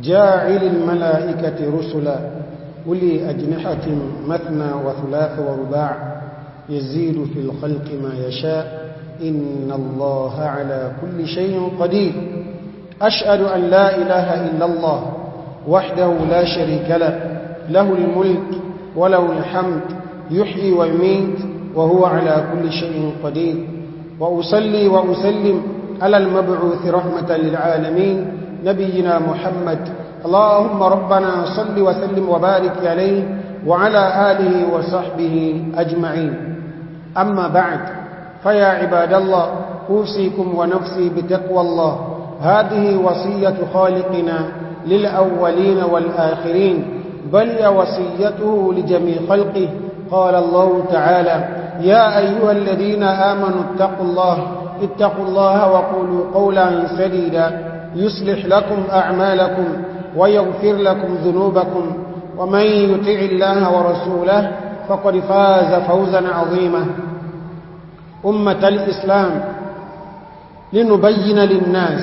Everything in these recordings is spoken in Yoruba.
جاعل الملائكة رسلا أولي أجنحة مثنى وثلاث ورباع يزيد في الخلق ما يشاء إن الله على كل شيء قدير أشهد أن لا إله إلا الله وحده لا شريك له له الملك وله الحمد يحيي ويميت وهو على كل شيء قدير وأصلي وأسلم على المبعوث رحمة للعالمين نبينا محمد اللهم ربنا صل وسلم وبارك عليه وعلى آله وصحبه أجمعين أما بعد فيا عباد الله أوصيكم ونفسي بتقوى الله هذه وصية خالقنا للأولين والآخرين بل وصيته لجميع خلقه قال الله تعالى يا أيها الذين آمنوا اتقوا الله اتقوا الله وقولوا قولا سديدا يصلح لكم أعمالكم ويغفر لكم ذنوبكم ومن يطع الله ورسوله فقد فاز فوزا عظيما أمة الإسلام لنبين للناس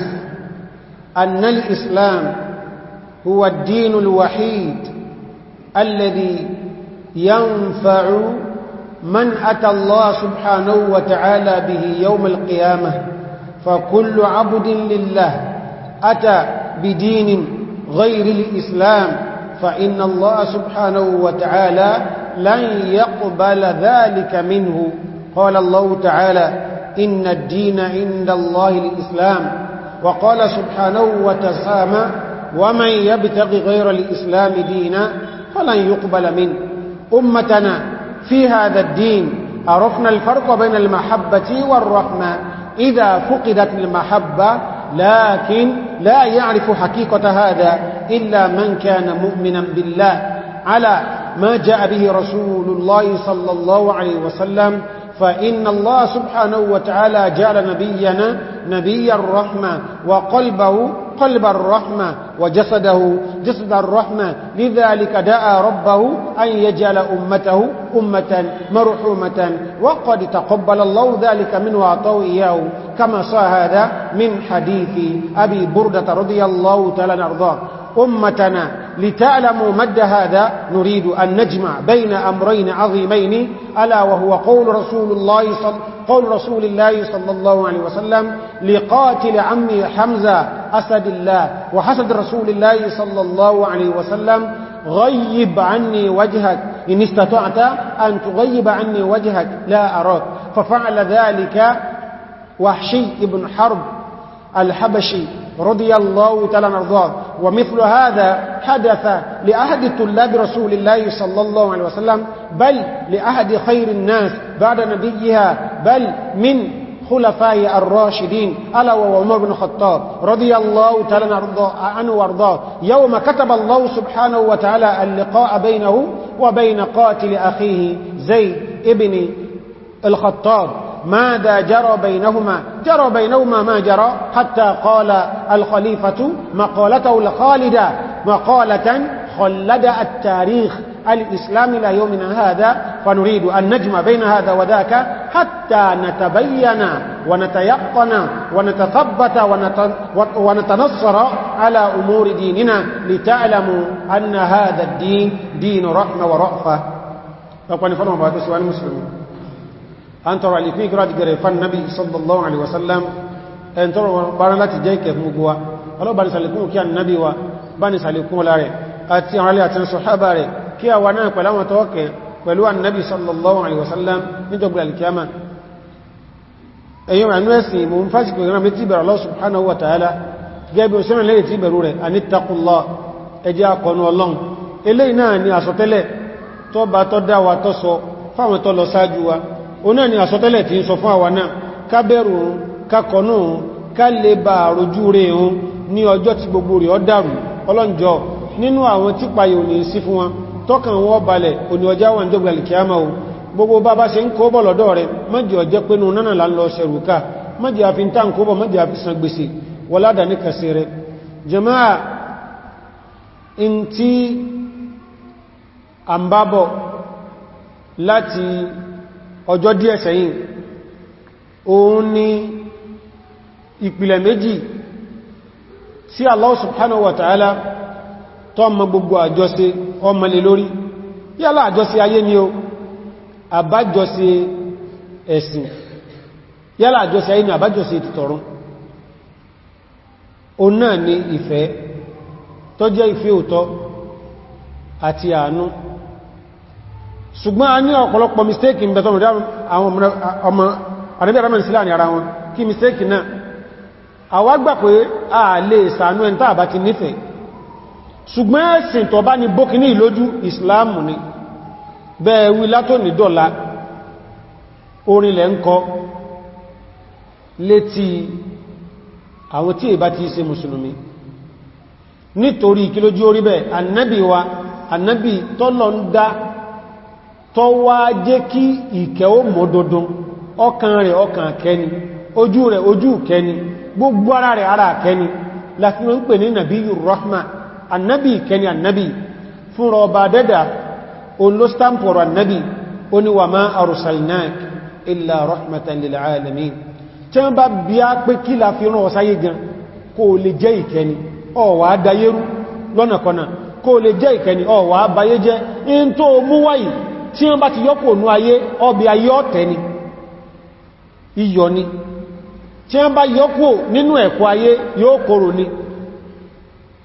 أن الإسلام هو الدين الوحيد الذي ينفع من أتى الله سبحانه وتعالى به يوم القيامة فكل عبد لله أتى بدين غير الإسلام فإن الله سبحانه وتعالى لن يقبل ذلك منه قال الله تعالى إن الدين عند الله الإسلام وقال سبحانه وتسامى ومن يبتغي غير الإسلام دينا فلن يقبل منه أمتنا في هذا الدين عرفنا الفرق بين المحبة والرحمة إذا فقدت المحبة لكن لا يعرف حقيقة هذا إلا من كان مؤمنا بالله على ما جاء به رسول الله صلى الله عليه وسلم فإن الله سبحانه وتعالى جعل نبينا نبي الرحمة وقلبه قلب الرحمة وجسده جسد الرحمة لذلك دعا ربه أن يجعل أمته أمة مرحومة وقد تقبل الله ذلك منه وعطوا إياه كما صار هذا من حديث أبي بردة رضي الله تعالى نرضاه أمتنا لتعلموا مد هذا نريد أن نجمع بين أمرين عظيمين ألا وهو قول رسول الله صلى قول رسول الله صلى الله عليه وسلم لقاتل عمي حمزة أسد الله وحسد رسول الله صلى الله عليه وسلم غيب عني وجهك إن استطعت أن تغيب عني وجهك لا أراك ففعل ذلك وحشي بن حرب الحبشي رضي الله تعالى نرضاه ومثل هذا حدث لأحد طلاب رسول الله صلى الله عليه وسلم بل لأحد خير الناس بعد نبيها بل من خلفاء الراشدين ألا وهو عمر بن الخطاب رضي الله تعالى عنه وارضاه يوم كتب الله سبحانه وتعالى اللقاء بينه وبين قاتل أخيه زيد ابن الخطاب ماذا جرى بينهما جرى بينهما ما جرى حتى قال الخليفة مقالته لخالد مقالة خلد التاريخ الإسلام إلى يومنا هذا فنريد أن نجمع بين هذا وذاك حتى نتبين ونتيقن ونتثبت ونتنصر على أمور ديننا لتعلموا أن هذا الدين دين رحمة ورأفة فقال فرما بها سؤال المسلمين أن ترى لي في قرأت قريفا النبي صلى الله عليه وسلم أن ترى بارلات جيكة مقوى ọlọ́bàá ní sàlẹ̀kún kí a nàbí wa bá ní sàlẹ̀kún ọlá rẹ̀ àti kí a wà náà pẹ̀láwọn tọ́ọ̀kẹ́ pẹ̀lú annabi sallallahu alaihi wasallam níjọgbà alkiyama ẹ̀yìn ránú ẹ̀sìn mú fásitì rán bí tí bẹ̀rẹ̀ Allah subhanahu wa ta'ala gẹ́bí òṣèrìn lẹ́yìn tí bẹ̀rù rẹ̀ anítàkùnlọ́ ẹjẹ́ akọ̀nù ọlọ́run eléyìí náà ni àsọtẹ́lẹ̀ tó bá tọ́ dá wa tọ́ sọ fáwọn tó lọ sáájú wa o náà ni àsọtẹ́lẹ̀ tí ń sọ fún àwa náà ká bẹ̀rù kakọ̀nù ọlọ́njọ́ nínú àwọn típa yòó ní sí fún wọn tọ́kàn wọ́n balẹ̀ oníọjá wà ní jọ́gbà alìkìyàmà o gbogbo bá bá ṣe ń kó bọ̀ lọ́dọ̀ rẹ̀ mọ́jì ọjẹ́ pé nù náà là ń lọ ṣẹ̀rùká mọ́jì àfi ń tàn kó bọ̀ mọ́jì àfi san gbèsè wọládà ní kàṣẹ rẹ̀ jẹmáà subhanahu wa ta'ala tó mọ gbogbo àjọṣe ọmọlè lórí yálà àjọsí ayé ni o àbájọsí ẹ̀sìn yálà àjọsí ayé ni àbájọsí ìtìtọ̀run o náà ni ìfẹ́ tó jẹ́ ìfẹ́ òtọ́ àti àánú ṣùgbọ́n a ní ọ̀pọ̀lọpọ̀ mistake ń bẹ̀tọ̀ ọmọ àrẹ́bẹ̀rẹ̀ sílá ní mistake náà àwa gbà pé a lè ṣàánú ẹntà àbá ṣùgbọ́n ẹ̀sìn tó bá ní bókíní ìlójú ìsìláàmù ni bẹ́ẹ̀ wí látò ní dọ́la orinlẹ̀ ń kọ létí àwọn tí ìbá ti ṣe mùsùlùmí nítorí ìkílójú orí bẹ́ẹ̀ annabi wa annabi tọ́lọ ń dá tọ́ wá jẹ́ kí ìkẹ́ ó mọ́ dọdún ọkàn rẹ̀ ọkàn kẹni ojú rẹ̀ ojú kẹni gbogbo ara rẹ̀ ara kẹni láti wọ́n ń pè ní nàbí rahman annabi kẹni annabi fún rọba dẹ́dà olóstampọ̀rọ̀ annabi ó ní wà máa arsalnak illa rahmatan lil alamin tí wọ́n bá bí á pé kí la fi rán ọsáyé gan kó lè jẹ́ ìkẹni ọ̀wà dayérú lọ́nàkọ́nà kó lè jẹ́ ìkẹni ọ̀wà bayé jẹ́ in tó mú wáyì tí wọ́n bá ti yọ́kò nú ayé ọbẹ̀ ayé ọ̀tẹ̀ ni iyọ̀ ni tí wọ́n bá yọ́kò nínú ẹ̀kọ́ ayé yóò kòrò ni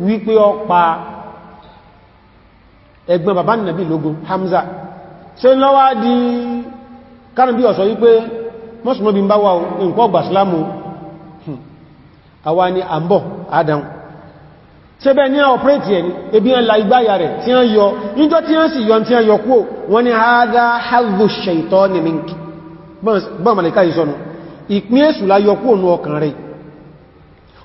wípé ó pa ẹgbẹ́ bàbá nàbí lógún Hamza ṣe ń lọ́wọ́ di kánàbí ọ̀sọ̀ wípé mọ́sùmọ́ bí ń bá wà nǹkan ọgbà sílámù hmm. àwa ni àmbọ̀ adam ṣe bẹ́ ní ọ̀pẹ́tì ẹni ebi ń la igbáyà rẹ̀ tí ń yọ níjọ́ tí ń sì yọ tí ń yọ kúò wọ́n ni haza hazu shaitani minki bọ́n malika ìsọnu ìpín èsù la yọ kúò nú ọkàn rẹ̀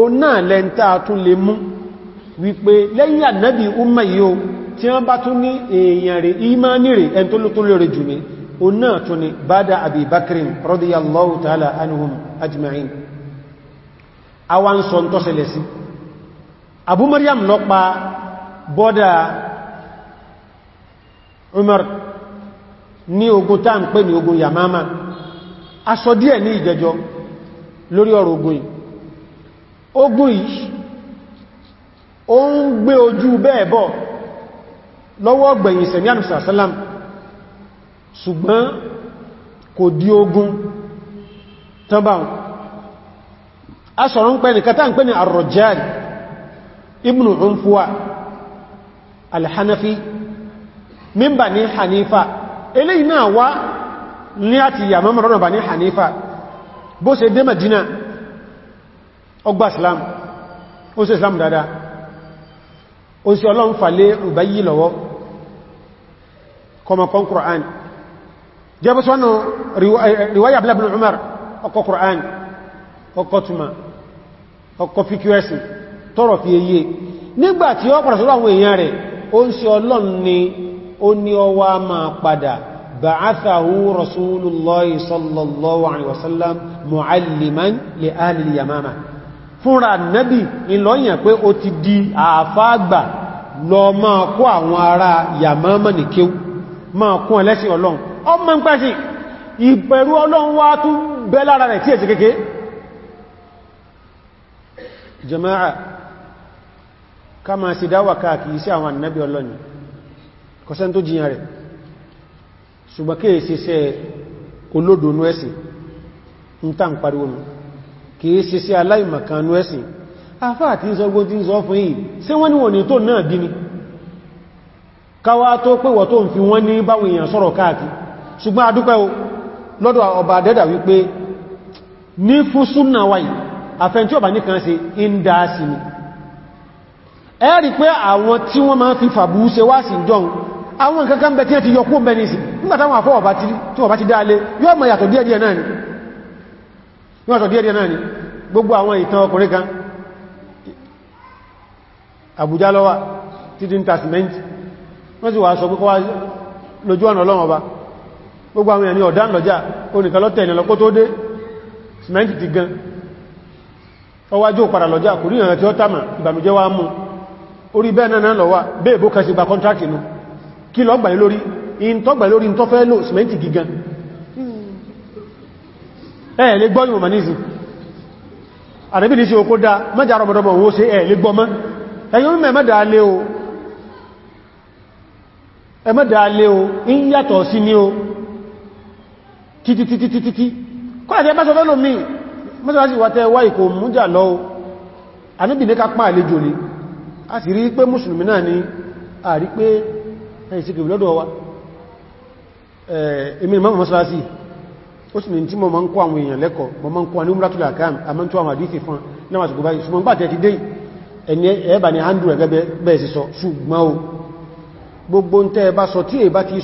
o náà lẹ́ntà tún lè mú wípé lẹ́yìn ànábì umma yíò tí wọ́n bá tún ní èèyàn rẹ̀ ìmáni rẹ̀ ẹn tó lótó lórí jù ní o náà tún ni bada Abi Bakrin radiyallahu ta'ala anhum ajma'in awọn sọ ń tọ́sẹ̀lẹ̀ sí Abu Maryam lọ pa bọ́dà Umar ní ogun tá ń pè ní ogun Yamama aṣọ díẹ̀ ní ìjẹjọ lórí ọ̀rọ̀ ogun yìí ogun yìí ó ń gbé ojú bẹ́ẹ̀ bọ̀ lọ́wọ́ gbẹ̀yìn sẹ̀mí ànùsà sálàm ṣùgbọ́n kò di ogun tọ́bàun a sọ̀rọ̀ ń pẹ́ ní kátà ń pẹ́ ní Ar-Rajjal ibn Unfuwa Al-Hanafi Hanifa eléyìí náà wá ní àti yàmọ́ mọ̀rọ̀ Bani Hanifa bó ṣe dé Madina ọgbà islam ó sí islam dáadáa ó sí ọlọ́run fàlé Ubayy lọ́wọ́ kọmọkọ́ Qur'an jẹ́ bó sọ́nà eh, eh, riwaya Abdullah ibn Umar ọkọ̀ Qur'an ọkọ̀ tuma ọkọ̀ fíkúẹ́sì tọ́rọ̀ fi eye nígbàtí ó pàdà sọ́rọ̀ àwọn èèyàn rẹ̀ ó ń sí ọlọ́run ni ó ní ọwá máa padà ba'athahu rasulullahi sallallahu alaihi wasallam mu'alliman li ahli al fúnra nẹ́bì ìlọ́yìn pé ó ti di àfáàgbà lọ máa kó àwọn ará yàmọ́mọ́ ní kéw máa kún ẹlẹ́sìn ọlọ́run ọmọ ń pẹ́sì ìpẹ̀rú ọlọ́run wá tún bẹ́ lára rẹ̀ tí ẹ̀sì kéèké jama'a ká máa sì dáwà káàkiri sí àwọn annabi ọlọ́run kọsẹ́ tó jiyàn rẹ̀ ṣùgbọ́n kéèsì sẹ́ olódonú ẹ̀sìn ń tàn pariwo kìí ṣe sí aláìmọ̀kanú ẹ̀sìn afá àti ìṣọ́gbó tí ń sọ fún yìí ṣé wọ́n ní wọ́n ní tó náà bí ni káwá tó pé wọ́n tó ń fi wọ́n ní báwọn èèyàn sọ̀rọ̀ káàkiri ṣùgbọ́n adúpẹ́ o lọ́dọ̀ ọba dẹ́dà wípé ní fún súnà wáyì àfẹ́ntí ọba nìkan ṣe ń dá sí ni ẹ rí pé àwọn tí wọ́n máa fi fàbú ṣe wá sí jọun àwọn nǹkan kan bẹ̀ tí níwọ̀n sọ díẹ̀díẹ̀ náà ni gbogbo àwọn ìtàn ọkùnrin kan Àbújá lọ́wà títí ń ta sìmẹ́ntì wọ́n sì wà sọ pé kọ́wàá lójú ọ̀nà ọlọ́run ọba gbogbo àwọn ènìyàn ọ̀dá lọ́jà onìkan lọ́tẹ̀ ìnà lọ́kó tó dé sìmẹ́ntì ti gan ọwájú padà lọ́jà kò rí ìrìnà tí ó tàmà ìbànújẹ́ wá mú orí bẹ́ẹ̀ náà lọ́wà bẹ́ẹ̀ Eh, ẹ̀ lè gbọ́ ìwọ̀n àdẹ́bì ní sí okó dá mẹ́jà rọ̀bọ̀dọ̀bọ̀ owó ẹ̀ lè gbọ́mọ́ ẹ̀yọ́ mẹ́ mẹ́dà lé o ẹ mẹ́dà lé o in yàtọ̀ sí ní o títítítítítí kọ́ ti ẹbáṣọ́ fẹ́lò mí mẹ́sàlásì wà tẹ́ wá ìkò mújà lọ o àdẹ́bì a wa ó sì ní tí mo máa ń kó àwọn èèyàn lẹ́kọ̀ọ́ mo máa ń kó ní umratul akam a àwọn àdífì fún náà àsìkò báyìí ṣùgbọ́n gbàtẹ̀ ti dé ẹni ẹ̀ẹ́bà ni andrew ẹgẹ́gẹ́ bẹ́ẹ̀ sí sọ ṣùgbọ́n o gbogbo ń tẹ́ ẹ bá sọ tí èbá ti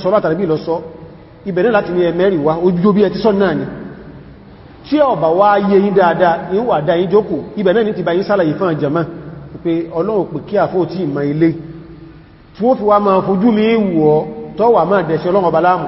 ni tí ọba wá ti bá yín sálàyé fún àjàmá pé ọlọ́run pè kí àfó tí ìmọ̀ ilé tí wọ́n fi wá máa fojú mi wù ọ́ tọ́wà máa dẹ̀ṣẹ́ ọlọ́run ọba láàmù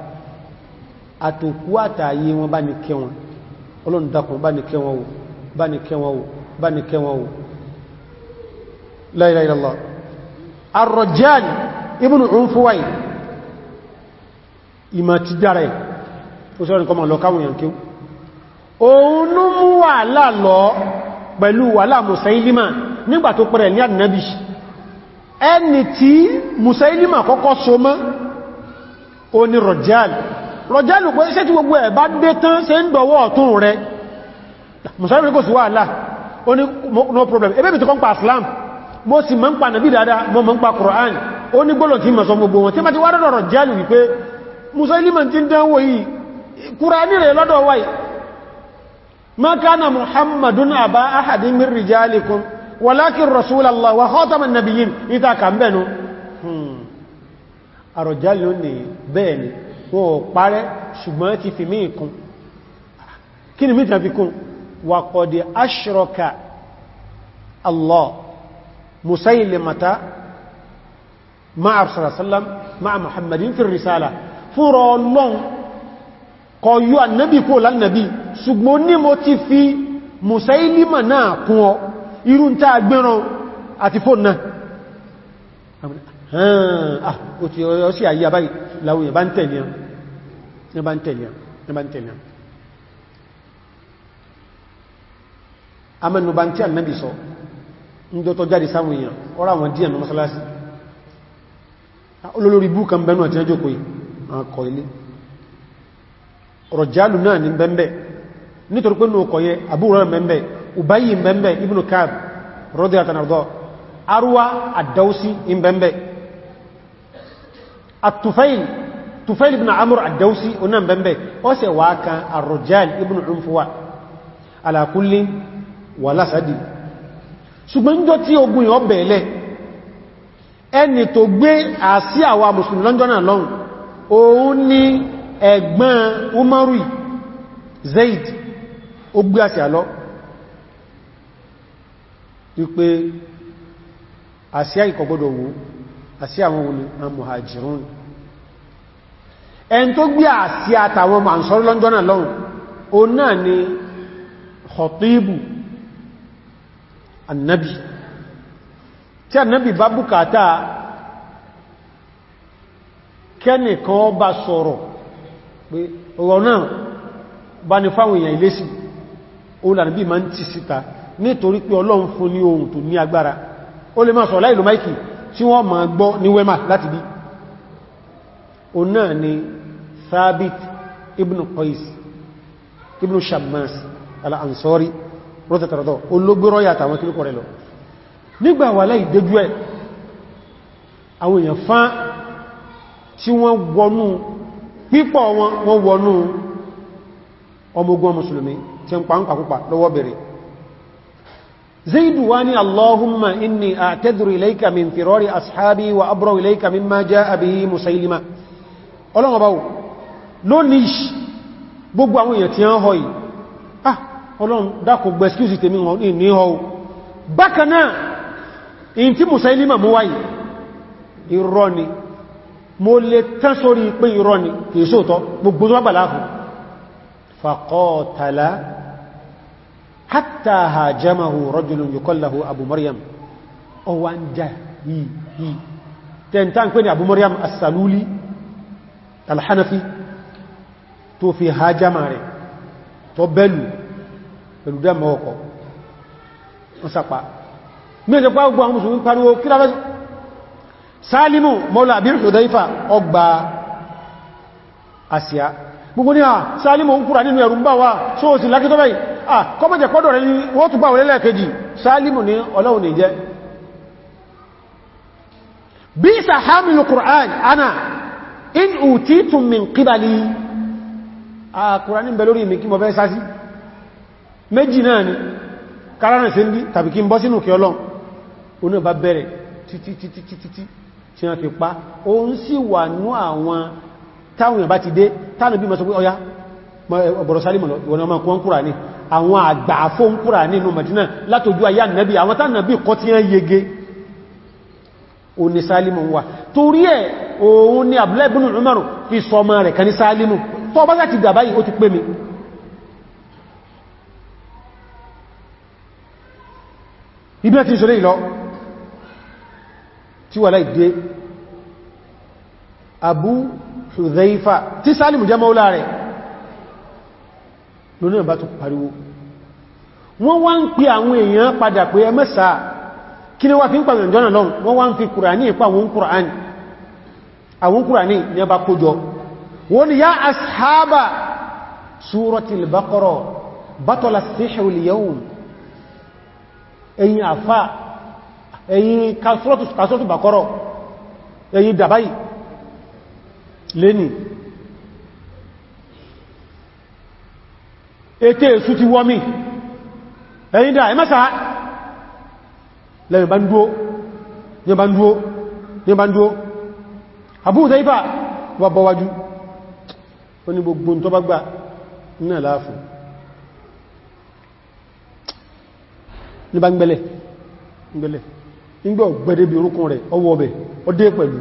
àtòkú àtàyé wọn bá ní kẹ́ wọn ọlọ́run dákun bá ní kẹ́ wọn o bá ní kẹ́ wọn o bá ní kẹ́ wọn o la ilaha illallah Ar-Rajjal ibn Unfuwai ìmọ̀ ti dára ẹ̀ ó sọ́rọ̀ nǹkan lọ òun mú wàhálà lọ pẹ̀lú wàhálà Musailima nígbà rọjálù pé ṣé tí gbogbo ẹ̀ bá dé tán ṣe ń dọwọ́ ọ̀tún rẹ mùsùlùmí kò sí wàhálà ó ní no problem ebébì tí kọ́ ń pa Islam mo sì mọ́ ń pa nàbí dáadáa mo mọ́ ń pa Quran ó ní gbọ́lọ̀ tí mọ̀ sọ gbogbo wọn tí ma ti wá rọ̀rọ̀ ما كان محمد أبا أحد من رجالكم ولكن رسول الله وخاتم النبيين إذا كان بينه أرجال لني بيني wọn ò parẹ́ ṣùgbọ́n ti fi mí kún kí ni mítà fi kún wa qad ashraka Allah Musaylimata ma'a sallallahu ma'a Muhammadin fi risala fúnra ọlọ́n kọ yú annabi kó lannabi ṣùgbọ́n ní mo ti fi Musaylima náà kún ọ irun ta gbẹ́ran àti fóòn náà ah o ti ọ̀yọ́ sí àyíyà báyìí láwọn ìyàbá ń tẹ̀lé ọ ní bá ń tẹ̀lẹ̀ amẹ́nu bá ń tí ànẹ́bì sọ ń dọ́tọ́ jáde sáwọn èèyàn ọ́rọ̀ àwọn díẹ̀ mọ́sálásí olólórí bú kan bẹ́nu àti ẹjọ́ kòí àkọ̀ ilé rọ̀jálù náà ní bẹ́m̀bẹ̀ nítorí pé nùkọ̀ yẹ àbúrò bẹ́m̀bẹ̀ ubayi tufẹ́lì ibn amur àdáúsí oná bẹ̀m̀bẹ̀ ó sì wá kan arrojal ibn unfuwa alakulli wà lásàdì ṣùgbọ́n jọ tí ogun yọ bẹ̀ẹ̀lẹ̀ ẹni tó gbé àsí àwa musulmi lọ́njọ́ náà lọ́n ni umaru zaid ó gbé àsí àlọ́ wípé àsí àìkọ̀gbọ́dọ̀ àsí àwọn ẹn tó gbé àti àtàwọn màǹsọ́rí lọ́njọ́ náà lọ́rùn o náà ni khatibu annabi tí annabi bá bukata kẹ́nìkan bá sọ̀rọ̀ pé ọ̀rọ̀ náà bá ní fáwọn èèyàn ilé sí o lànàbí ma ń ti síta nítorí pé ọlọ́run fún ní ohun tó ní agbára ó lè máa sọ̀rọ̀ láìlú máìkì tí wọ́n ma gbọ́ ní wẹ́mà láti bí o náà ni ثابت ابن قيس ابن شماس الأنصاري rọ́tẹ̀tẹ̀ rọ̀tọ̀ olóògbérọ́ yàtà àwọn kílùkọ̀ rẹ̀ lọ nígbà wà láì déjú ẹ̀ àwọn èèyàn fán tí wọ́n wọnú pípọ̀ wọn wọ́n wọnú ọmọgbọ́n mùsùlùmí tí ń pàǹpà púpà lọ́wọ́ bẹ̀rẹ̀ zaidu wá ní allahumma inni a'tadhiru ilayka min firari ashabi wa abra ilayka mimma ja'a bihi musailima ọlọ́wọ́ báwọ̀ no niche gbogbo àwọn èèyàn tí ń họ yìí ah ọlọ́run dákò gbẹ̀ excuse tèmi wọn ní họ bákan náà in tí musa ilé mọ̀ wáyìí irọ́ ni mo lè tán sórí pé irọ́ ni kìí sóòtọ́ gbogbo tó gbà láàfún faqatala hatta hajamahu rajulun yukallahu abu maryam ọwá ń jà yìí tẹ́ntán pé abu maryam as-saluli tó fi hajjama rẹ̀ tó bẹ́lù pẹ̀lú dẹ́mọ̀ ọkọ̀ ń sàpá mẹ́jọ pa gbogbo àwọn musulmi pariwo kí lára salimu mọ́lá àbí Hudayfa ọgbà Asia gbogbo ní à salimu ń kúrà nínú ẹ̀rù ń bá wa só sì lákítọ́ báyìí à kọ́mọ̀jẹ̀ kọ́dọ̀ rẹ̀ in utitum min qibali àkùrá ah, ní bẹ̀lórí mi kí mọ̀ fẹ́ sásí méjì náà ni káránà sí ní tàbí kí n bọ́ sínú kí ọlọ́n oní bá bẹ̀rẹ̀ títítítítítí tí wọ́n fi pa o ń sì wà ní àwọn táwọn èèyàn bá ti dé táwọn bí ma sọ pé ọya ọ̀bọ̀rọ̀ sálìmọ̀ ìwọ̀n ọmọ kún kúrà ní àwọn àgbàfó ń kúrà ní inú Madina látojú wọ́n ni Abdullahi rẹ̀ kan ní sálìmọ̀ tó bá láti dà báyìí ó ti pé mi ibi láti ìṣòlé ìlọ tí wà láì dé Abu Hudhaifa tí Sálìmù jẹ́ mọ́lá rẹ̀ lónìí ọba tó pariwo wọ́n wá ń pè àwọn èèyàn padà pé ẹmẹ́sà kí ni wá fi ń pàmì ìjọ́nà lọ́n wọ́n wá ń fi Kùránì ìpá àwọn Kùránì ní ọba kójọ wọ́n ni ya ashaba suratul baqara batala sihru al-yawm ẹ̀yin àfà ẹ̀yin kásọ́tù baqara ẹ̀yin dàbáyì lẹ́ni ètè èsù ti wọ́mí ẹ̀yin dà ẹmẹ́sà lẹ́yìn bá ń dúó ní bá ń dúó ní bá ó ní gbogbo tó bá gbà náà láàfún ní bá ń gbẹ́lẹ̀ gbẹ́lẹ̀ nígbà bí rẹ̀ ọwọ́ ọdé pẹ̀lú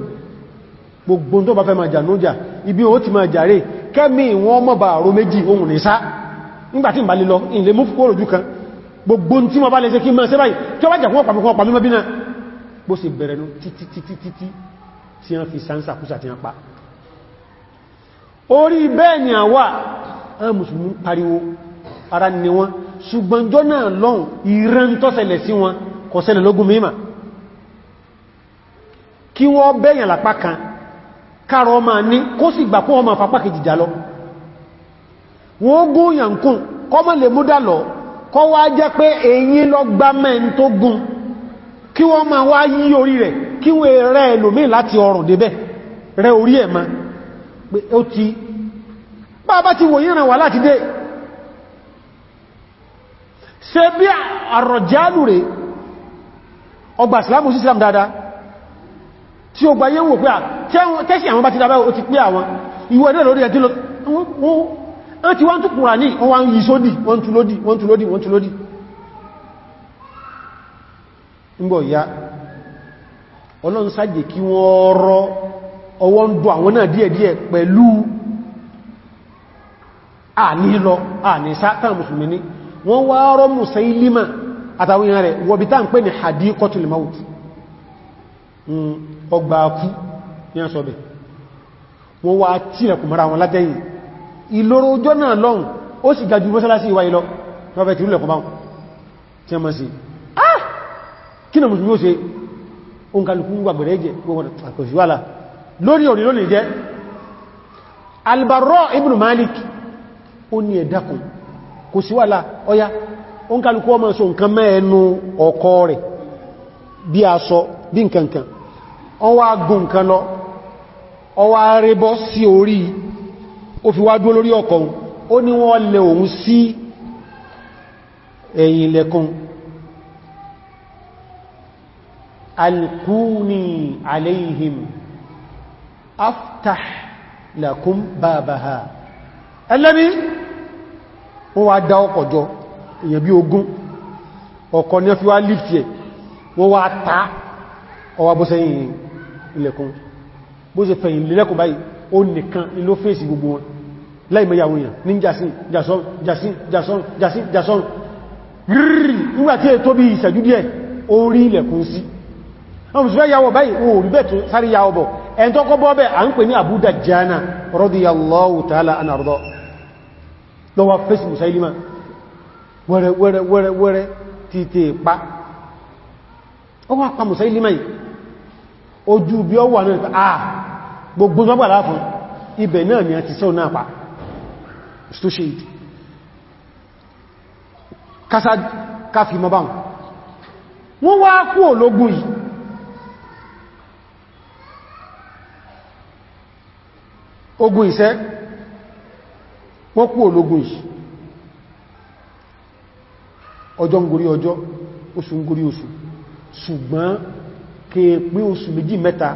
gbogbo tó bá fẹ́ jà nójà ibi ó ti ma jàre kẹ́mí wọn mọ́ bá àrò méjì ohun ní sá nígbàtí ìbálẹ̀ lọ kan gbogbo tí wọ́n orí bẹ́ẹ̀ ni àwà àwọn mùsùlùmí pariwo ara ni wọn ṣùgbọ́n jọ náà lọ́hùn ìran tó ṣẹlẹ̀ sí wọn kò ṣẹlẹ̀ lógún mímà kí wọ́n bẹ́yàn lápá kan káàrọ ọmọ ní kó sì gbà kó ọmọ àpapá kejì jà lọ wọ́n gún yànkún kọ́mọ̀ lè múdà lọ kọ́ wá jẹ́ pé èyí lọ gbá mẹ́rin tó gún kí wọ́n máa wá yí orí rẹ̀ kí wọ́n rẹ̀ ẹlòmí láti ọrùn débẹ̀ rẹ̀ orí ẹ̀ máa pé ó ti bàbá ti wòye ràn wà láti dé ṣe bí àrọ̀jálù rẹ̀ ọgbà ìsìlámù sí islam dáadáa tí ó gbáyé wò pé à tẹ́sì àwọn bá ti dábá ó ti pé àwọn ìwọ̀ ẹ̀dẹ́ lórí ẹ̀dẹ́ wọ́n ti wọ́n tún kùnrà ní wọ́n wọ́n yìí sódì wọ́n tún lódì wọ́n tún lódì wọ́n tún lódì ń ọwọ́ ń dùn àwọn náà díẹ̀díẹ̀ pẹ̀lú ànílọ àní sátán musulmi ní wọ́n wá rọ́ Musailima àtàwọn èèyàn rẹ̀ wọ́bí tá ń pè ní hadiqatul maut hmm, ọgbà akú ní ọ̀sọ̀bẹ̀ wọ́n wá tílẹ̀kùn mara wọn látẹ́yìn ìloro ọjọ́ ah kí na musulmi ó se ó ń kalùkú gbàgbẹ̀rẹ̀ gbogbo àkọ̀síwàlá lórí orí ló lè jẹ́ albarro ibn malik ó ní ẹ̀dàkùn kò sí wàlá ọya ó ń kálukú ọmọ sọ nǹkan mẹ́ẹ̀nu ọkọ rẹ̀ bí a sọ bí nkankan wọ́n wá gùn nǹkan lọ ọwá rẹbọ́ sí orí o fi wá dúó lórí ọkọ̀ ó ní wọ́n lẹ òun sí ẹ̀yìn aftah lakum babaha ẹlẹ́ni wọ́n wá dá ọkọ̀ jọ èyàn bí ogún ọkọ̀ ní ọ fi wá lift ẹ̀ wọ́n wá ta ọwá bó sẹ́yìn ilẹ̀kùn bó ṣe fẹ̀yìn lẹ́lẹ́kùn báyìí ó nìkan iló fèsì gbogbo wọn láìmọ̀yàwó èyàn ní jásín jásọ́n jásín jásọ́n jásín jásọ́n rírì nígbàtí è tó bí ẹn tó kọ́ bọ́bẹ̀ à ń pè ní Abu Dajjana radiyallahu ta'ala an àrọ́dọ́ lọ́wọ́ fèsì Musailima wẹ́rẹ́ wẹ́rẹ́ wẹ́rẹ́ wẹ́rẹ́ títè pa ó wà pa Musailima yìí ojú bí ó wà náà à ah, gbogbo gbọ́gbàlá fún ibẹ̀ náà ni a ti ogun ìṣẹ́ wọ́n kú ológun ìṣẹ́ ọjọ́ ń gorí ọjọ́ oṣù ń gorí oṣù ṣùgbọ́n kèèpín oṣù méjì mẹ́ta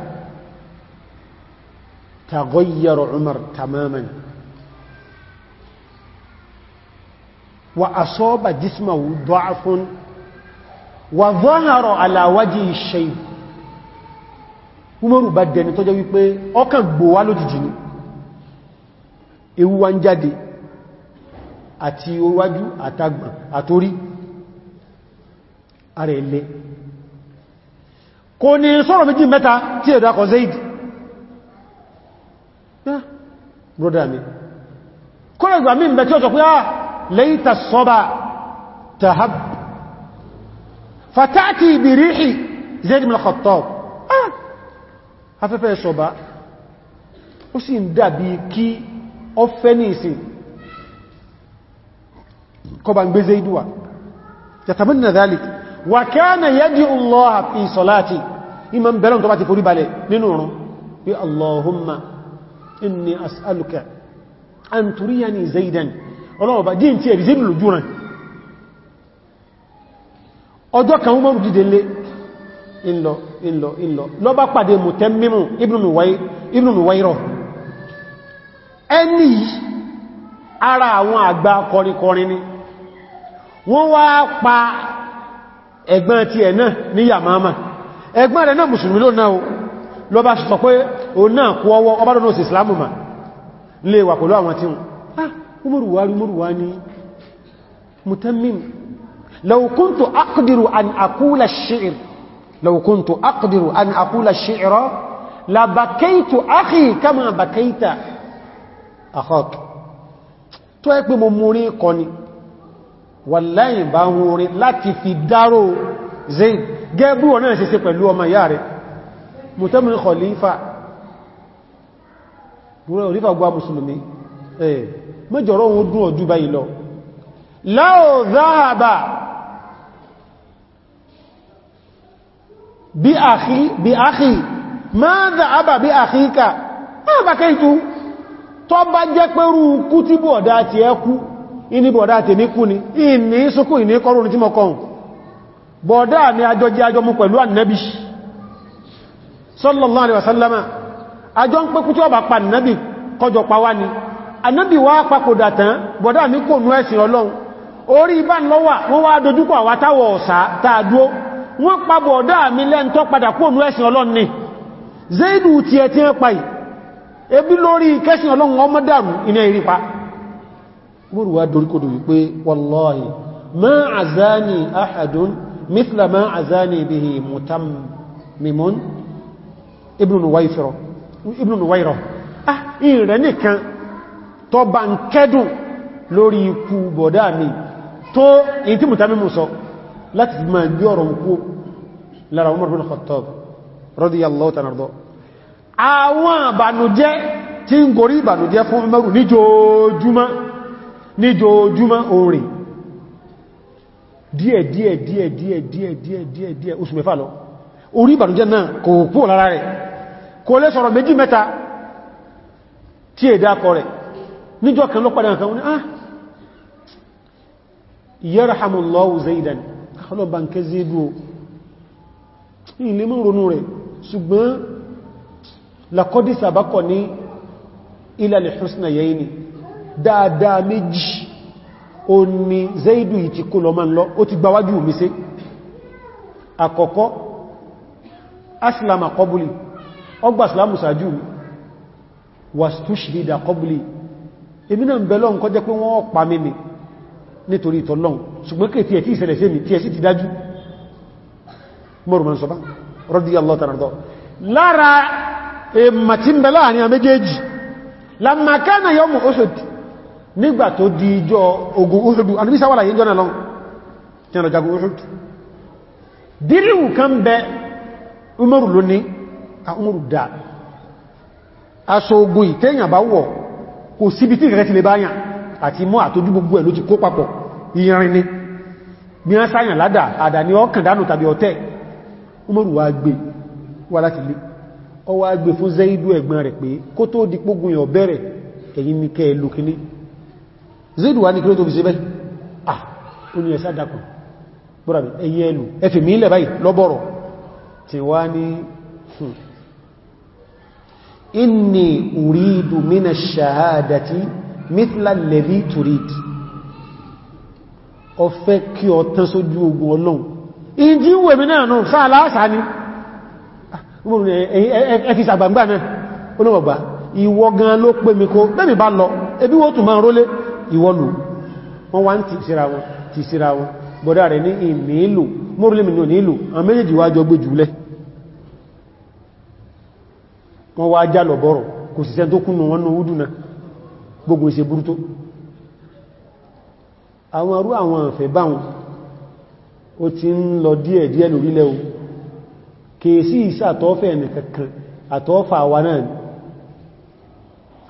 taghayyara Umar tamaman wa asaba wa dhahara ala wajhi Umaru bá dẹni tó wípé ọkàn gbòwá lójijì ni ewu wá ń jáde àti oríwájú àtàgbà àtórí ara ilé kò ní sọ̀rọ̀ méjì mẹ́ta tí ẹ̀dà kan zaidi náà ah, broda mi kọ́lẹ̀ ìgbà mí mẹ́tí ọ̀tọ̀ pé á lẹ́yìntà sọ́bà tahab fatáàkì ìbìríhì zaidi mil Khattab ah, afẹ́fẹ́ sọ́bà ó sì ń dàbí kí ọfẹ́ ní ìsìn kọba ń gbé zaiduwa yàtàmì na zalik wà kana yad'u Allah fi salati ima ń bẹ̀rẹ̀ tó bá ti forí balẹ̀ nínú ọ̀run pé Allahumma inni as'aluka an turiyani zaidan ọlọ́ọ̀bá dín tí ẹ̀rí zaidu lójú rán ọjọ́ kan umaru dìde ẹni ara àwọn àgbà kọrinkọrin ni wọ́n wá pa ẹ̀gbọ́n ti ẹ̀ náà ní yàmáàmà ẹ̀gbọ́n rẹ̀ náà mùsùlùmí ló náà lọ bá sọ pé o náà kú ọwọ́ ọbádọ́nà òsì islamu ma lè wà pẹ̀lú àwọn tí wọ́n ah, mutammim law kuntu aqdiru an aqula akhi kama bakaita akhok tó ẹ pé mo mú rí kọ ni wàláyìn bá hún orin láti fi dárò zayn gẹ́bù ọ̀nà ìṣẹ́sẹ́ pẹ̀lú ọmọ ìyá rẹ̀ mọ̀tẹ́mù khalifa búrẹ́ orífà gbá musulmi ẹ̀ mẹ́jọ̀rọ̀ ohun dún ọjú báyìí lọ láò záàbà bí àkí bí àkí máa bí àkíkà máa bá kẹ́ tó bá jẹ́ pẹ́rú kú tí bọ̀dá ti ẹ kú iní bọ̀dá ti ní kú ni ìní sókù ìní kọrù ní tí mọ̀ kọrùn bọ̀dá ni àjọ jẹ́ àjọ mú pẹ̀lú ànábì sallallahu wasallama àjọ ń pé kú tí ó bá pa ànábì kọjọ pa wá ni ànábì wá papòdà tán bọ̀dá ní kò nú ẹ̀sìn ọlọ́run orí ibá lọ́wà wọ́n pa bọ̀dá mi lẹ́ntọ́ ni zaidu ti ẹ̀ ebi lórí kẹsìn ọlọ́run ọmọ dàrú iná ìrípa múrùwá doríkodò wípé wallahi ma azani ahadun mithla ma azani bihi mutammimun ibnu Nuwayrah ah ìrẹ̀ nìkan tó bá ń kẹ́dùn lórí ikú bọ̀dá mi tó èyí tí mutammimu sọ láti máa gbé ọ̀rọ̀ ń kú lára Umar bin Khattab radiyallahu ta'ala àwọn àbànújẹ́ tí ń gorí ìbànújẹ́ fún mẹ́rù níjòójúmọ́ níjòójúmọ́ orin díẹ̀ díẹ̀ díẹ̀ díẹ̀ díẹ̀ díẹ̀ díẹ̀ díẹ̀ oṣù mẹ́fà lọ orí ìbànújẹ́ náà kò pọ̀ lára rẹ̀ kò lè sọ̀rọ̀ méjì mẹ́ta tí èdè akọ rẹ̀ níjọ́ kan ló padà nǹkan zaidan ọlọ́bànkẹ́ zaidu ilé mọ́ ronú rẹ̀ ṣùgbọ́n lakọ́dí sàbákọ̀ ní ilẹ̀ husna yẹ́ ni dáadáa méjì o ni zaidu yìí ti kó lọ máa lọ ó ti gbáwájú mi sí àkọ́kọ́ aslama kọbùlì ọgbà islamu sàájú wàstúṣìdà kọbùlì èmi náà bẹ̀lọ́ nǹkan jẹ́ pé wọ́n pa mímí nítorí ìtọ̀lọ́un ṣùgbọ́n kí tí ẹ̀ tí ìṣẹ̀lẹ̀ sí mi tí ẹ̀ sí ti dájú mọ́rùn-ún sọ́bá radiyallahu ta'ala lára èmà tí ń bẹ láàrin àméjèèjì lámàkánà yọmù Uhud nígbà tó di ìjọ ogun Uhud alìbísáwàlá yìí jọ́nà lọ tí wọ́n jagun Uhud dírìwù kan bẹ umaru lóní àwọn dà aṣọ ogun ìtẹ́yàn bá wọ̀ kò síbi tí ìrẹ́ ti lè báyàn àti mọ́ àtójú gbogbo ni bí wọ́n sáyàn ládà àdà ní ọkàn dánù láti lé ó wá gbé fún zaidu ẹ̀gbọ́n rẹ̀ pé kó tó di pógun yọ bẹ̀rẹ̀ ẹ̀yìn ní kẹ́ ẹlù kìíní zaidu wá ní kí ló tó fi ṣe bẹ́ ah ó ní ẹ̀sá dákùn bọ́rọ̀bì ẹ̀yẹ ẹlù ẹfì mí ilẹ̀ báyìí lọ́bọ̀rọ̀ tí wá ní hmm, ẹfis àgbàǹgbà náà olóògbà ìwọ gan ló pé mi kó bẹ́mi bá lọ ebí wọ́n tún máa rólé ìwọ lò wọ́n wá ń ti síra wọn ti síra wọn bọ̀dá rẹ̀ ní ìmìílò mórílẹ̀ mi ní ìlò àwọn méjèèjì wájọ gbé jùlẹ̀ wọ́n wá já lọ bọ́rọ̀ kò sì sẹ́ tó gbogbo kèsí ìsá àtọ́fẹ́ ẹ̀nì kankan àtọ́fà wa náà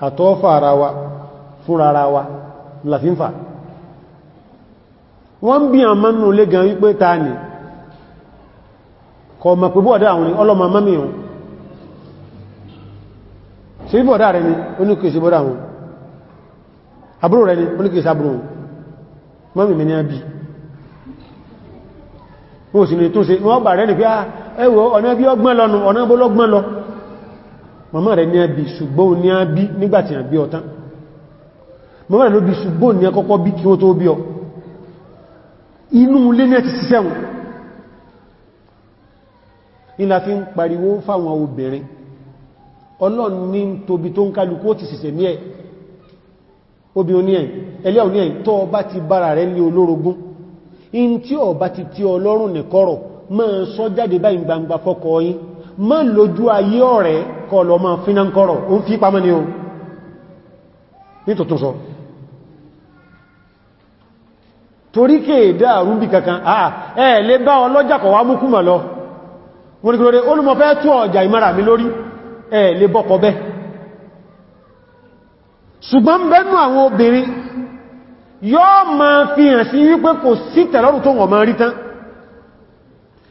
àtọ́fà ara wa fúnra ara wa láfínfà wọ́n bí àwọn mọ́nù lé gan wípé ta ni kọ mọ̀ pé bọ́ọ̀dá àwọn ọlọ́mọ mọ́mí wọn ṣe bọ́ọ̀dá rẹ ni oníkèsí bọ́ọ̀dá wọn àbúrò rẹ ni àbúrò wọ́n sì ní tó ṣe wọ́n bà rẹ̀ ní pé ah, ẹwọ́ ọ̀nà bí ọgbọ́n lọ́nu ọ̀nà bó lọ́gbọ́n lọ màmá rẹ̀ ní àbí ṣùgbọ́n ní àbí nígbàtí àbí ọ̀tán màmá rẹ̀ ló bí ṣùgbọ́n ní àkọ́kọ́ bí kí ó tó bí ọ inú ilé ní ẹ̀tì síṣẹ́ wọn ilá fi ń pariwo in tí ọ bá ti tí ọlọ́run ní kọ́rọ̀ ma ń sọ jáde báyìí gbangba fọ́kọ yín ma ń lójú ayé ọ̀rẹ́ kọ lọ ma fi náà kọ́rọ̀ o ń fi pamọ́ ni o ní tuntun sọ torí kéèdà rúbì kankan àà ẹ̀ bá ọlọ́jà wá mú kúmọ̀ yóò ma fi hàn sí wípé kò sí tẹ̀lọ́rù tó wọ̀n ma rí tán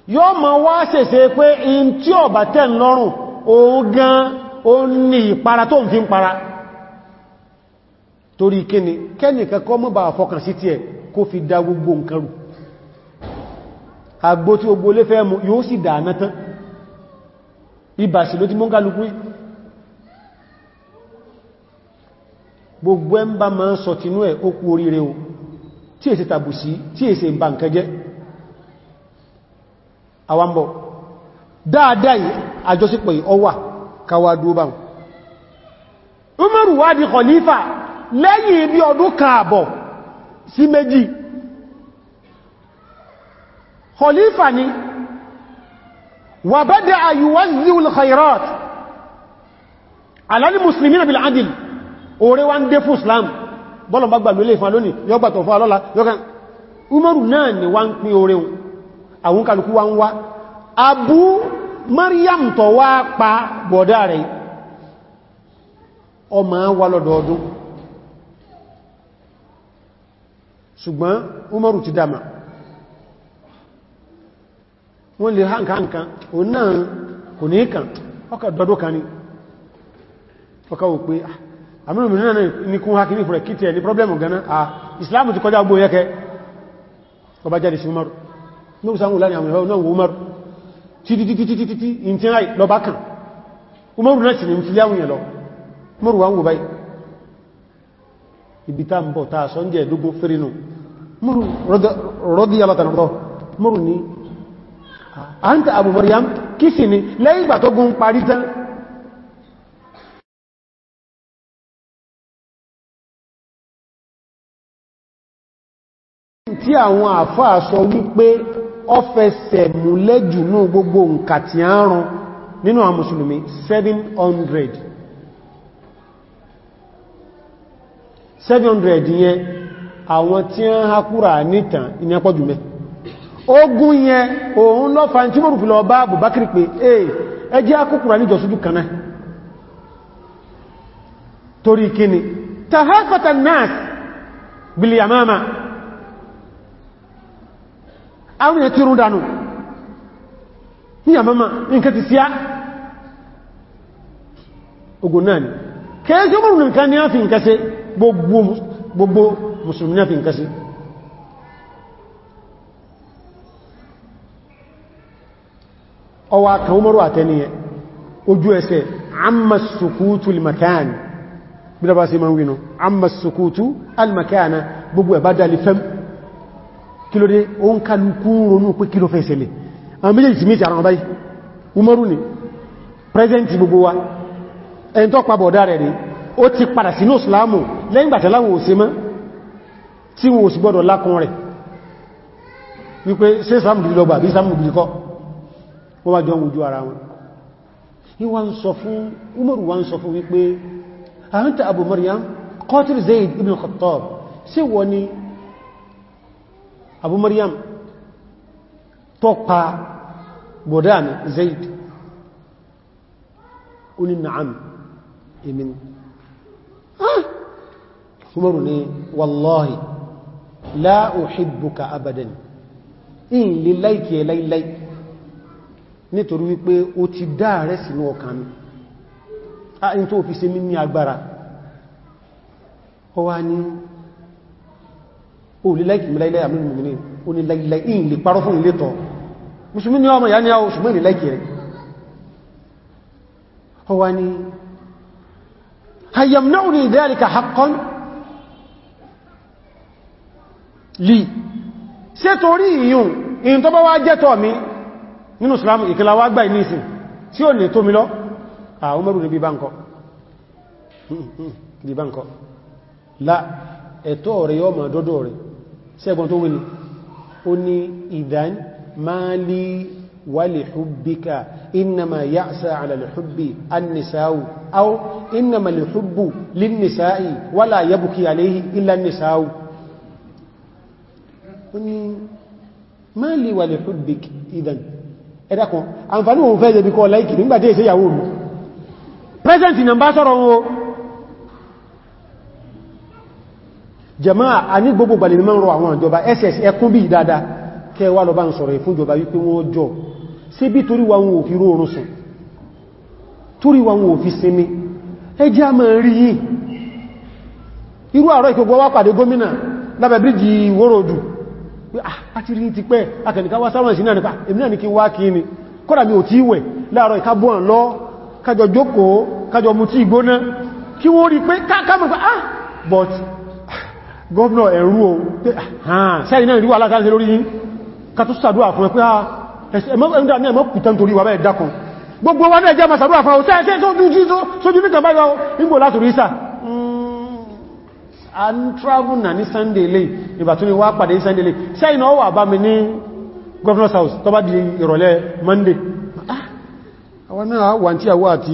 yóò ma wá ṣẹ̀ṣẹ̀ pé in tí ó bá tẹ́ lọ́rùn òun gan o ní ìpara tó ń fi ń para torí kíni kẹ́nìkan kọ́ mọ́ bá fọkàn sí tí ẹ kó fi dá gbogbo nǹkan rù àgbó tí gbogbo lé fẹ́ mú gbogbo ẹ ń bá ma ń sọ tinú ẹ̀ ó kú oríire o tí èsì tàbùsí tí èsì ń bá nǹkan jẹ́ àwambọ̀ dáadáa yìí àjọsípọ̀ ọwà káwà dúbà Umaru wá khairat ala al-muslimina bil orí wá ń dé fún islam bọ́lọ̀ bá gbàgbé lè fún alónìí yọ́ gbàtọ̀ fún umaru náà ni wá ń pín orí wọn àwọn kàlùkú wá ń wá abú maryam tọ̀ wá pa bọ̀dá rẹ̀ ọmọ wà lọ́dọọdún umaru ti dama wọ́n lè ha nka kàn ọkà kan ni ọkà wò pé ah, àmìrò mìíràn ní kún hákì ní fúrẹ̀ kí tí ẹ̀ ní pọ́blẹ̀mù gan náà ìsìláàmù ti kọjá gbóyẹ́ kẹ́ ọba jáde sí umaru ní òsànwò láàrin àwọn ìhọ́ náà umaru títítítítítí ìntíráì lọba kan umaru náà sì ní fílíàwò yẹn lọ umaru wa ń wò báyìí ibi tá ń bọ̀ tá sọ́njẹ́ ẹ̀dógún fẹ́rinú umaru rọ́dí alátanàtọ́ umaru ní àǹtà Abu Maryam kí sì ni lẹ́yìn ìgbà tó gún parí tán tí àwọn àfáà sọ wípé ó fẹsẹ̀ múlẹ̀ jù ní gbogbo nǹkan tí a ń rán nínú àwọn 700 700 yẹn àwọn tí a ń hakúrà nìtàn ìní ẹpọ̀ jùmẹ́ ogun yẹn òun lọ́fà tí mọ̀rù fi lọ bá Abubakar pé ẹjẹ́ akúkùrà níjọ sójú kanáà torí kíni tahakọta nas bil yamama àwọn èyàn ti rún dànù ní àmọ́mà nǹkan ti síá ogun náà ni kẹ́ẹ̀sí ọmọ nǹkan ní a fi nǹkan ṣe gbogbo mùsùlùmí náà fi nǹkan ṣe ọwà kan umaru àtẹniyẹ ojú ẹsẹ̀ amasukutu al bí lọ sí ma ń wínú amasukutu al gbogbo ẹ̀bá dalifem kí ló dé ó ń kálukú ronú pé kí ló fẹ́ ṣẹlẹ̀ àwọn méjèèjì ti mìtì àwọn báyìí umaru ni pẹ́sẹ̀ntì gbogbo wa ẹni tó pa bọ̀dá rẹ̀ rí ó ti padà sínú ìsìláàmù lẹ́yìn gbàtẹ̀ láwọn òsè mọ́ tí wọ́n sì abu maryam qatil zaid ibn khattab sí abu maryam tó pa bọ̀dá mi zaid ó ní na'am emin ah! umaru ni wallahi la uhibbuka abadan in lè láìkì ẹ láìláì nítorí wípé ó ti dáàrẹ́ sínú ọkàn a ah, in tó fi ṣe mí agbára ọwá ni ó lè láìkì mi láìláì àmì ìmìnì ó ní láìláì ìyìn lè parọ́ fún ilé tọ́ musulmi ni ọmọ ìyá ni àwọn òṣùgbọ́n ìrìnláìkì rẹ̀ ó wá ní hayyamna'uni dhalika haqqan li ṣe torí ìyún in tó bá wá jẹ́tọ̀ mi nínú islamu ìkìláwà gbà ìníṣìn tí ó lè tó mi lọ àwọn mẹ́rù ní bí báńkọ́ hmm, hmm, hmm, bí báńkọ́ la ẹ̀tọ́ rẹ̀ yọ́ ma dọ́dọ̀ rẹ̀ sẹ́gbọ́n tó wini ó ní ìdán máa lè wà lè hubbika innama ya'sa ala lè hubbi annisáwù au innama lè hubbu linnisáì wala yabuki aléhi illa nisáwù ó ní máa lè wà lè hubbika ìdán ẹ̀dàkan àǹfàní òun fẹ́ jẹmáà a ní gbogbo gbàlè mímọ̀ rọ àwọn ìjọba ss ẹkún bí dáadáa kẹwà lọ bá ń sọ̀rọ̀ ìfúnjọba wípé wọ́n jọ sí bí torí wa wọn ò fi róorun sùn torí wa wọn ò fi sinmi ẹjẹ́ a máa rí yìí irú àárọ̀ ìkogbo wá pàdé gómìnà lábẹ̀ bíríjì wóródù ah, ti pẹ́ akẹ̀nìká wá sáwọn ìsinà nípa èmi náà ní kí wá kí ah, but gọ́ọ̀nà ẹ̀rú o sẹ́yìn náà ìríwà aláta ṣe lórí yín kàtó sàdúwà fún ẹ̀pẹ́ ẹ̀mọ́kùtà ní ẹ̀mọ́kùtà nítorí wà bẹ́ẹ̀ dákan gbogbo wa náà jẹ́ ma sàdúwà fún ọ̀sẹ́ sójú ní kàbá yọ ìgbò láti rí sà and Sunday lè ìbàtún ni Sunday lè sẹ́yìn náà governor's house tó di ìrọ̀lẹ́ Monday àwọn náà wà ní àwọ́ àti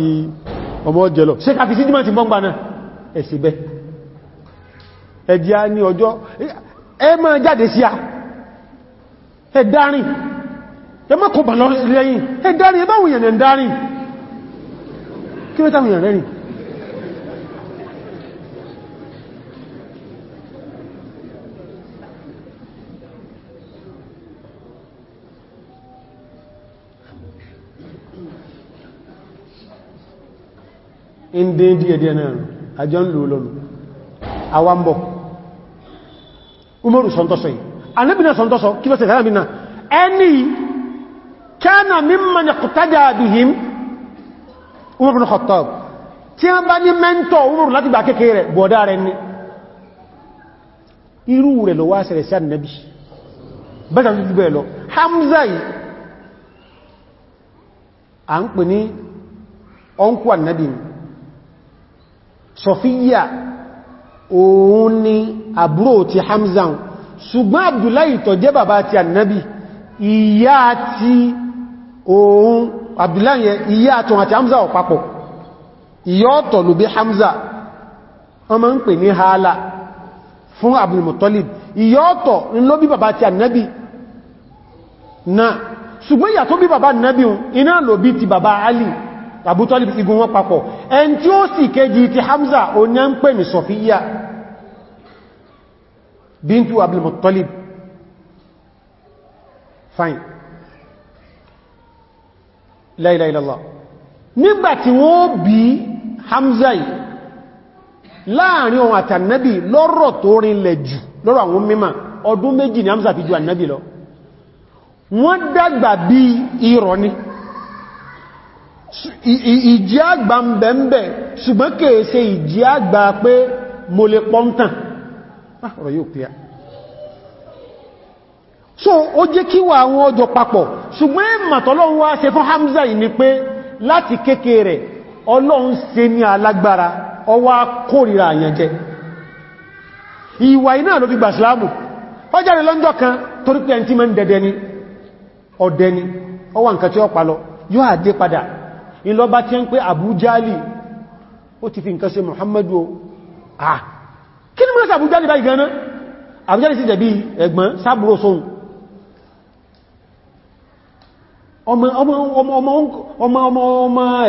ọmọ jẹ́lọ ṣe kàfi sí dìmọ̀ ẹjẹ́ á ní ọjọ́ ẹ máa jáde sí a ẹ dárìn ẹ má kò bà lọ lẹ́yìn ẹ dárìn ẹ bá wùyàn ẹ̀ dárìn kí ló táwùyàn rẹ̀rìn indi díẹ̀díẹ̀ náà àjọ ń lò lọ́nà àwambọ̀ umaru sọ́ntọ́sọ yìí anábìnà sọ́ntọ́sọ kí lọ́sẹ̀ tàbínà ẹni kẹ́nà mímọ̀ ni kùtàjà bihim umaru bin Khattab tí a bá ní mẹ́ntọ̀ umaru láti gbà kéèkéé rẹ̀ bọ̀dá rẹ̀ ní irú rẹ̀ lọ wá sẹ̀rẹ̀ sí ànàbí bẹ́ta tó bẹ́ẹ̀ lọ Hamza yìí a ń pè ní ọkù ànàbí Sofiyya òun ni àbúrò ti hamzan ṣùgbọ́n abdullahi tó jẹ́ bàbá ti annabi ìyá ti òun abdullahi yẹn ìyá tó àti hamza ọ̀pápọ̀ ìyọ́tọ̀ ló bí hamza ọmọ ń pè ní hala fún abdul muttalib ìyọ́tọ̀ ń ló bí bàbá ti annabi na ṣùgbọ́n ìyà tó bí bàbá annabi iná ló bí ti bàbá ali abutolib igun wọn papọ̀ ẹn tí ó sì kejì ti hamza oní ń pè ní sọfíyà bíntu Abdul Muttalib fine la ilaha illallah nígbàtí wọ́n bí Hamza yìí láàrin ohun àtànẹ́bì lọ́rọ̀ tó rinlẹ̀ jù lọ́rọ̀ àwọn mímọ̀ ọdún méjì ni Hamza fi ju ànẹ́bì lọ wọ́n dàgbà bí irọ́ ni ìjí àgbà ń bẹ̀m̀bẹ̀ ṣùgbọ́n kèèṣe ìjí àgbà pé mo lè pọ́ntàn Ah, ọ̀rọ̀ yóò clear so ó jẹ́ kí wà àwọn ọjọ́ papọ̀ ṣùgbọ́n ẹ̀mà wá ṣe fún Hamza yìí ni pé láti kéèké rẹ̀ ọlọ́run ṣe ní alágbára ọwá kórìíra àyànjẹ ìwà iná ló fi gbà sílámù ọjáre lọ́njọ́ kan torí pé ẹntí ma ń dẹ̀dẹ̀ ni ọ̀dẹ̀ ni ọwà nǹkan tí Muhammadu ah kí ni mọ́sí àbújá nípa ìgànnà àbújá ní sí jẹ̀bi ẹ̀gbọ́n sábúrò sóhun ọmọ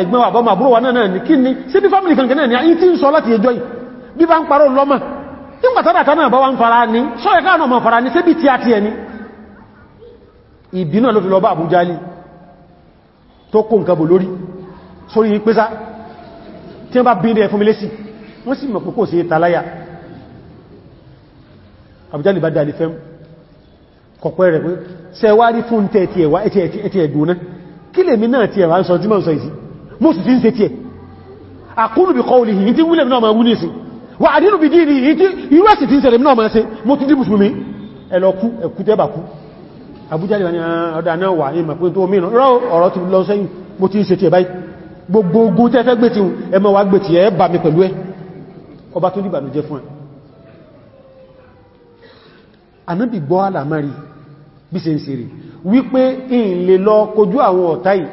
ẹ̀gbọ́n àbọ́mọ àbúrò wa náà ní kí ni sí bí fámìlì kankan náà ní ayé tí ń sọ láti ẹjọ́ yìí bí bá ń parọ́ lọ́mọ̀ nígbàtọ́dà kan náà bá wá ń fara ní sọ́yẹ̀ káà náà mọ̀ fara ní sí bí tí a ti ẹni ìbínú ló fi lọ bá àbújá lì tó kó nǹkan bò lórí sórí pẹ́sá tí wọ́n bá bí ilẹ̀ sì mọ̀ pẹ́kọ́ sí ìtàláyà àbújá lè bá dà lè fẹ́ kọ̀pẹ́ rẹ̀ pé ṣe wá rí fún tẹ́ ti ẹ̀wà ẹ̀tì ẹ̀gbóná kí lè mi náà ti ẹ̀wà ń sọ jùmọ̀ sọ ìsí mo sì ti ń ṣe ti ẹ̀ àkúlù bí kọlù yìí tí wílẹ̀ náà ma wú ní ìsìn wà àdínú bí dìí yìí tí ìwẹ́ sì ti ń sẹ̀rẹ̀ náà ma ṣe mo ti dí mùsùlùmí ẹlọ́kú ẹkú tẹ́bà kú àbújá lè ah, ọ̀dà náà wà ní ọba tó dìbà ló jẹ fún ẹ anábì gbọ́ alàmárì bí se ń se rí wípé in lè lọ kojú àwọn ọ̀tá yìí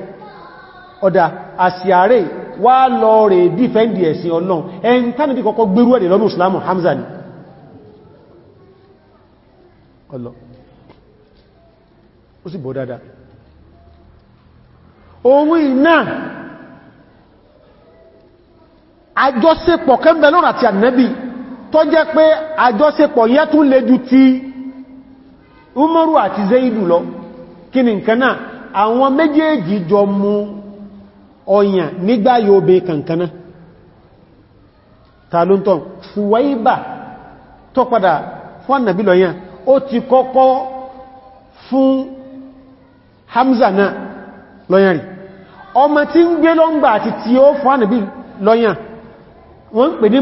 ọ̀dà àṣìárẹ̀ wá lọ rẹ̀ dífẹ́ndì ẹ̀sìn ọlọ́run ẹn tánàbí kọ́kọ́ gbérú ẹ̀dẹ̀ lọ́nà ìsìlámù Hamza ni ọlọ́ ó sì bọ́ dáadáa òun iná àjọṣepọ̀ kẹ́mbẹ̀ lọ́rọ̀ àti ànẹ́bì tó jẹ́ pé àjọṣepọ̀ yẹ́ tún lè ju ti umaru àti zaidu lọ kí ni nǹkan náà àwọn méjèèjì jọ mú ọ̀yàn nígbà yóò bẹ kankaná tàlóntàn ṣùwẹ́ibà tó padà fún ànàbí lọ́yàn ó ti kọ́kọ́ fún hamza náà lọ́yàn rí ọmọ tí ń gbé lọ́ngbà àti tí ó fún ànàbí lọ́yàn wọ́n pè ní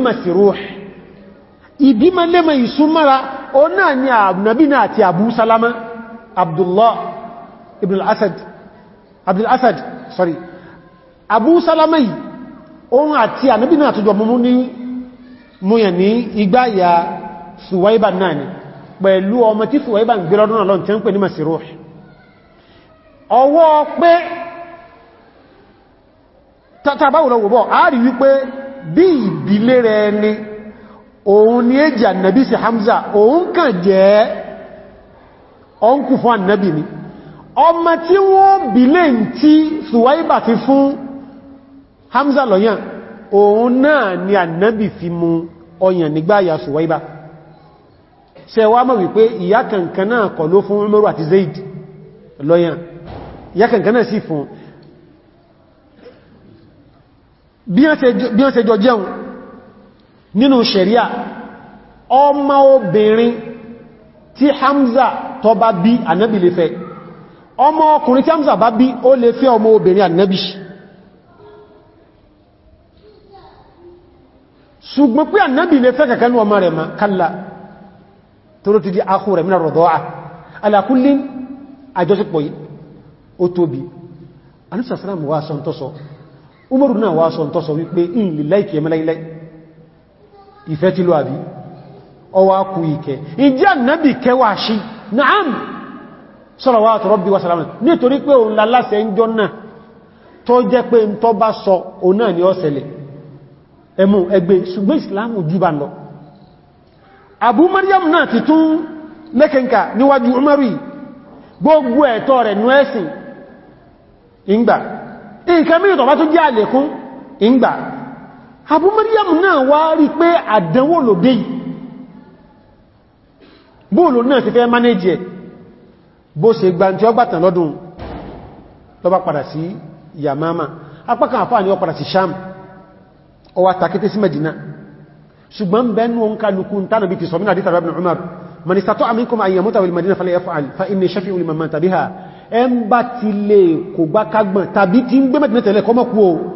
ibi lẹ́mọ ìsúnmára o náà ni àbùnàbínà àti àbú salama abdullahi ibn al-asad abdul asad sorry àbú salama yìí oun àti ànàbínà àtújọ mú ní múyàn ní igbáyà suwaiba náà ni pẹ̀lú ọmọ tí suwaiba ń gbé lọ́dún ọlọ́n tí ń pè ní ọwọ́ pé tàbáwò bọ́ a rí wípé bí ìbílé rẹ̀ ni òun ni èjì annabi sí Hamza òun kàn jẹ́ ọkù fún annabi ni ọmọ tí wọ́n bí lè ń tí Suwaiba ti fún Hamza lọ́yàn òun náà ni annabi fi mú ọyàn nígbà ya Suwaiba ṣe wá mọ̀ wípé ìyá kankan náà kọ̀ ló fún Umaru àti Zaid lọ́yàn ìyá kankan náà sì fún bí wọ́n ṣe jọ jẹun nínú ṣẹ̀ríà ọmọ obìnrin tí Hamza tó bá bí ànábì lè fẹ́ ọmọ ọkùnrin tí Hamza bá bí ó lè fẹ́ ọmọ obìnrin ànábì ṣùgbọ́n pé ànábì lè fẹ́ kàkánú ọmọ rẹ̀ ma kalla tó ti di akú rẹ̀ mìíràn rọ̀dọ́wà alákúlé àjọsípọ̀ yìí ó tóbi alúsàsánàmù wá sọ ń tọ́sọ ìfẹ́ tí ló àbí ọwá kú ìkẹ́ ìjẹ́ ànábì kẹwàá ṣí naam salawatu rabbi wa salamu nítorí pé òun lálásẹ̀ ń jọ náà tó jẹ́ pé ń tọ́ bá sọ òun náà ni ó ṣẹlẹ̀ ẹmù ẹgbẹ́ ṣùgbọ́n ìsìláàmù jù Abu Maryam náà ti tún mẹ́kẹ̀ǹkà níwájú Umaru gbogbo ẹ̀tọ́ rẹ̀ nú ẹ̀sìn ìgbà nǹkan mìíràn tó bá abu maryam náà wá rí pé àdánwò ló dé yìí bóòlò náà ti fẹ́ manéjì ẹ̀ bó ṣe gba tí ó gbàtàn lọ́dún ló bá padà sí yamama apákan àfáà ni ó padà sí sham ó wá takété sí medina ṣùgbọ́n bẹnu ohun kálukú tánà bí ti sọ mínà dítàrà ibn umar man istata'a minkum an yamuta bil madina falyaf'al fa inni shafi'u liman mata biha ẹmbá ti lè kò gbákagbọ̀n tàbí ti ń gbé medina kọmọ́kú o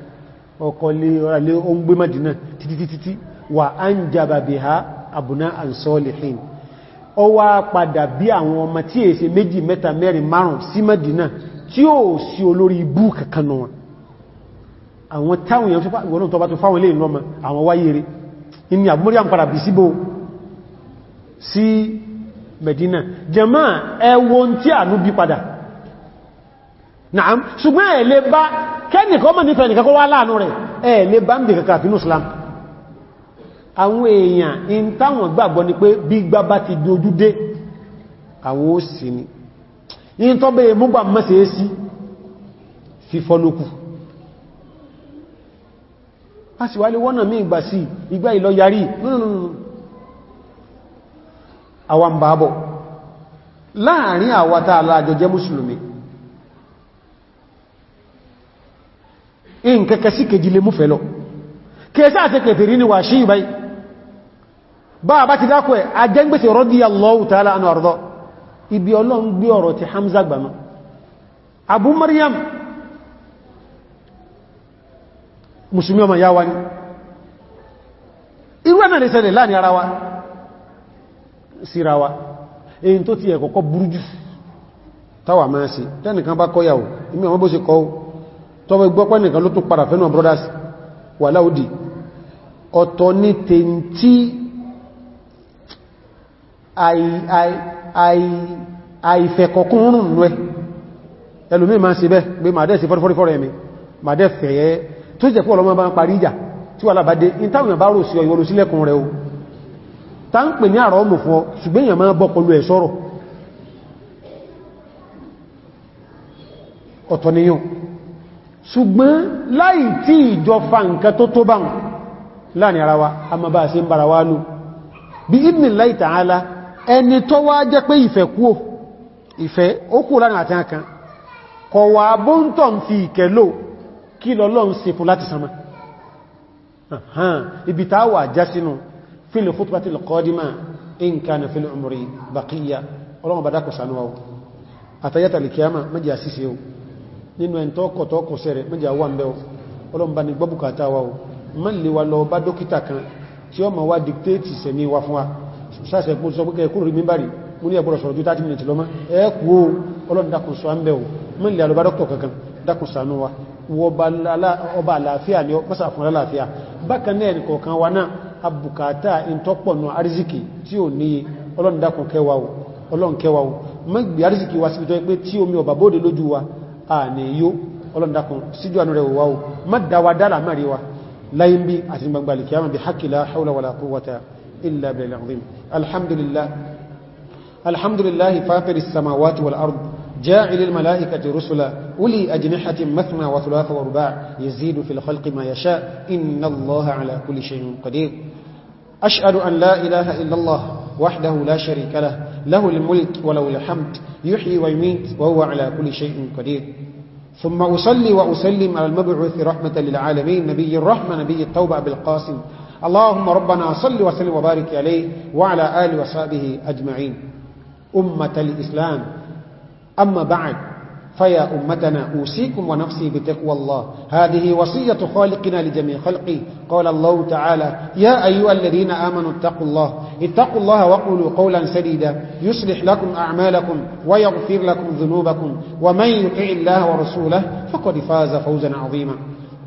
ọkọ̀lẹ̀ ó ń gbé Madina títítítí wà á ń jàbà bí ha àbùná àǹsọ́lẹ̀hìn ọ wá padà bí àwọn ọmọ tí èsẹ méjì mẹ́ta mẹ́rin márùn sí Madina tí ó sí olórí ibú kankanà wọn àwọn táwọn èèyàn fífàwọn tó bá tó fáwọn ilé ìlọ́mọ àwọn wáyére inú àgbórí àpàdà bí síbò sí Medina jẹmọ́ ẹwọ́n tí ànú kẹ́ni kọ́ mọ̀ nífẹ̀ẹ́ nìkan kó wá láàánú rẹ̀ ẹ̀ lè bá ń bè kàkà fínú Islam àwọn èèyàn in táwọn gbàgbọ́ ni pé bí gbábá ti dojú dé àwọn ó sì ni in tó bèèrè múgbà mọ́sẹ̀ sí fífọ́lókù a sì wálé wọ́nà àwọn bàbọ̀ láàrin àwátà ihe nkeke si keji le mu felo ka esi ase ka efere ni wasi bai ba ba ti dakwo e aje mbese oro diya allohu ta ala ana ibi olo n gbe oro ti hamza gbano abu muryam musamman ya wani iru eme nisele laani arawa sirawa ehi to ti ye koko buru jisu ta wa mese ten nikan ba koya wo ime onwe b tọ́wọ́ gbọ́pẹ́ nìkan ló tún padà fẹ́nà brothers wà láòdì ọ̀tọ̀ ní tèntí àìfẹ̀kọ̀kúnrùn rẹ̀ ẹlùmí ma ń ṣe bẹ́ gbé ma dẹ́ sí fọ́rífọ́rífọ́rẹ̀ mi ma dẹ́ fẹ̀yẹ́ tó jẹ́ fún ọlọ́mọ bá ń parí ìjà tí wà lábàdé ìtàwìyàn bá rò sí ọ ìwọlú sílẹ̀kùn rẹ̀ o ta ọ̀tọ̀ niyàn ṣùgbọ́n láì tí ìjọfa nǹkan tó tó báhùn láàrin ara wa a ma bá ṣe ń bara wá lò bí ibn láì tààlá ẹni tó wá jẹ́ pé ìfẹ́ kú ìfẹ́ ó kú láàrin àti àkan kọ̀ wà bóntọ̀ ń ṣe fún láti baqiya ọlọ́run bá dákọ̀ sanuwa àtayẹ́tàlì kíyàmà mẹ́jì àṣíṣe o nínú ẹn tọ́kọ̀tọ́ kò sẹ́rẹ̀ mẹ́jà wà ń bẹ́ọ̀ ọlọ́mbà ní gbọ́bùkátà wa o mẹ́lẹ̀ wa lọ bá dókítà kan tí ó ma wá dìktéètì sẹ̀mí wa fún wa sáṣẹ̀ kún sọ pé kúrò rí mímbàrí mú ní ẹgbọ́rọ̀ sọ̀rọ̀ ju 30 minutes lọ mọ́ ẹ̀ẹ́kù o ọlọ́ndàkùn sọ wa ọba àlàáfíà ni mọ́sà fún àlàáfíà bákan náà ẹnì kọ̀ọ̀kan wa náà abùkátà ìntọ́pọ̀nù arziki tí ò ní ọlọ́ndàkùn kẹwàá o ọlọ́nkẹwàá o mẹ́gbẹ̀ arziki wa síbi tó pé tí omi ọ̀bàbóde lójú wa àníyó ọlọ́ndakùn síjú ànú rẹ̀ wọ́wọ́ má dáwà dára mẹ́rin wa láyé bí àti gbangba lè kíyàmà bí hakila haula wala quwwata illa bil azim alhamdulillah alhamdulillah fatiris samawati wal ard جاعل الملائكة رسلا أولي أجنحة مثنى وثلاث ورباع يزيد في الخلق ما يشاء إن الله على كل شيء قدير أشهد أن لا إله إلا الله وحده لا شريك له له الملك ولو الحمد يحيي ويميت وهو على كل شيء قدير ثم أصلي وأسلم على المبعوث رحمة للعالمين نبي الرحمة نبي التوبة بالقاسم اللهم ربنا صل وسلم وبارك عليه وعلى آله وصحبه أجمعين أمة الإسلام أما بعد فيا أمتنا أوصيكم ونفسي بتقوى الله هذه وصية خالقنا لجميع خلقه قال الله تعالى يا أيها الذين آمنوا اتقوا الله اتقوا الله وقولوا قولا سديدا يصلح لكم أعمالكم ويغفر لكم ذنوبكم ومن يطع الله ورسوله فقد فاز فوزا عظيما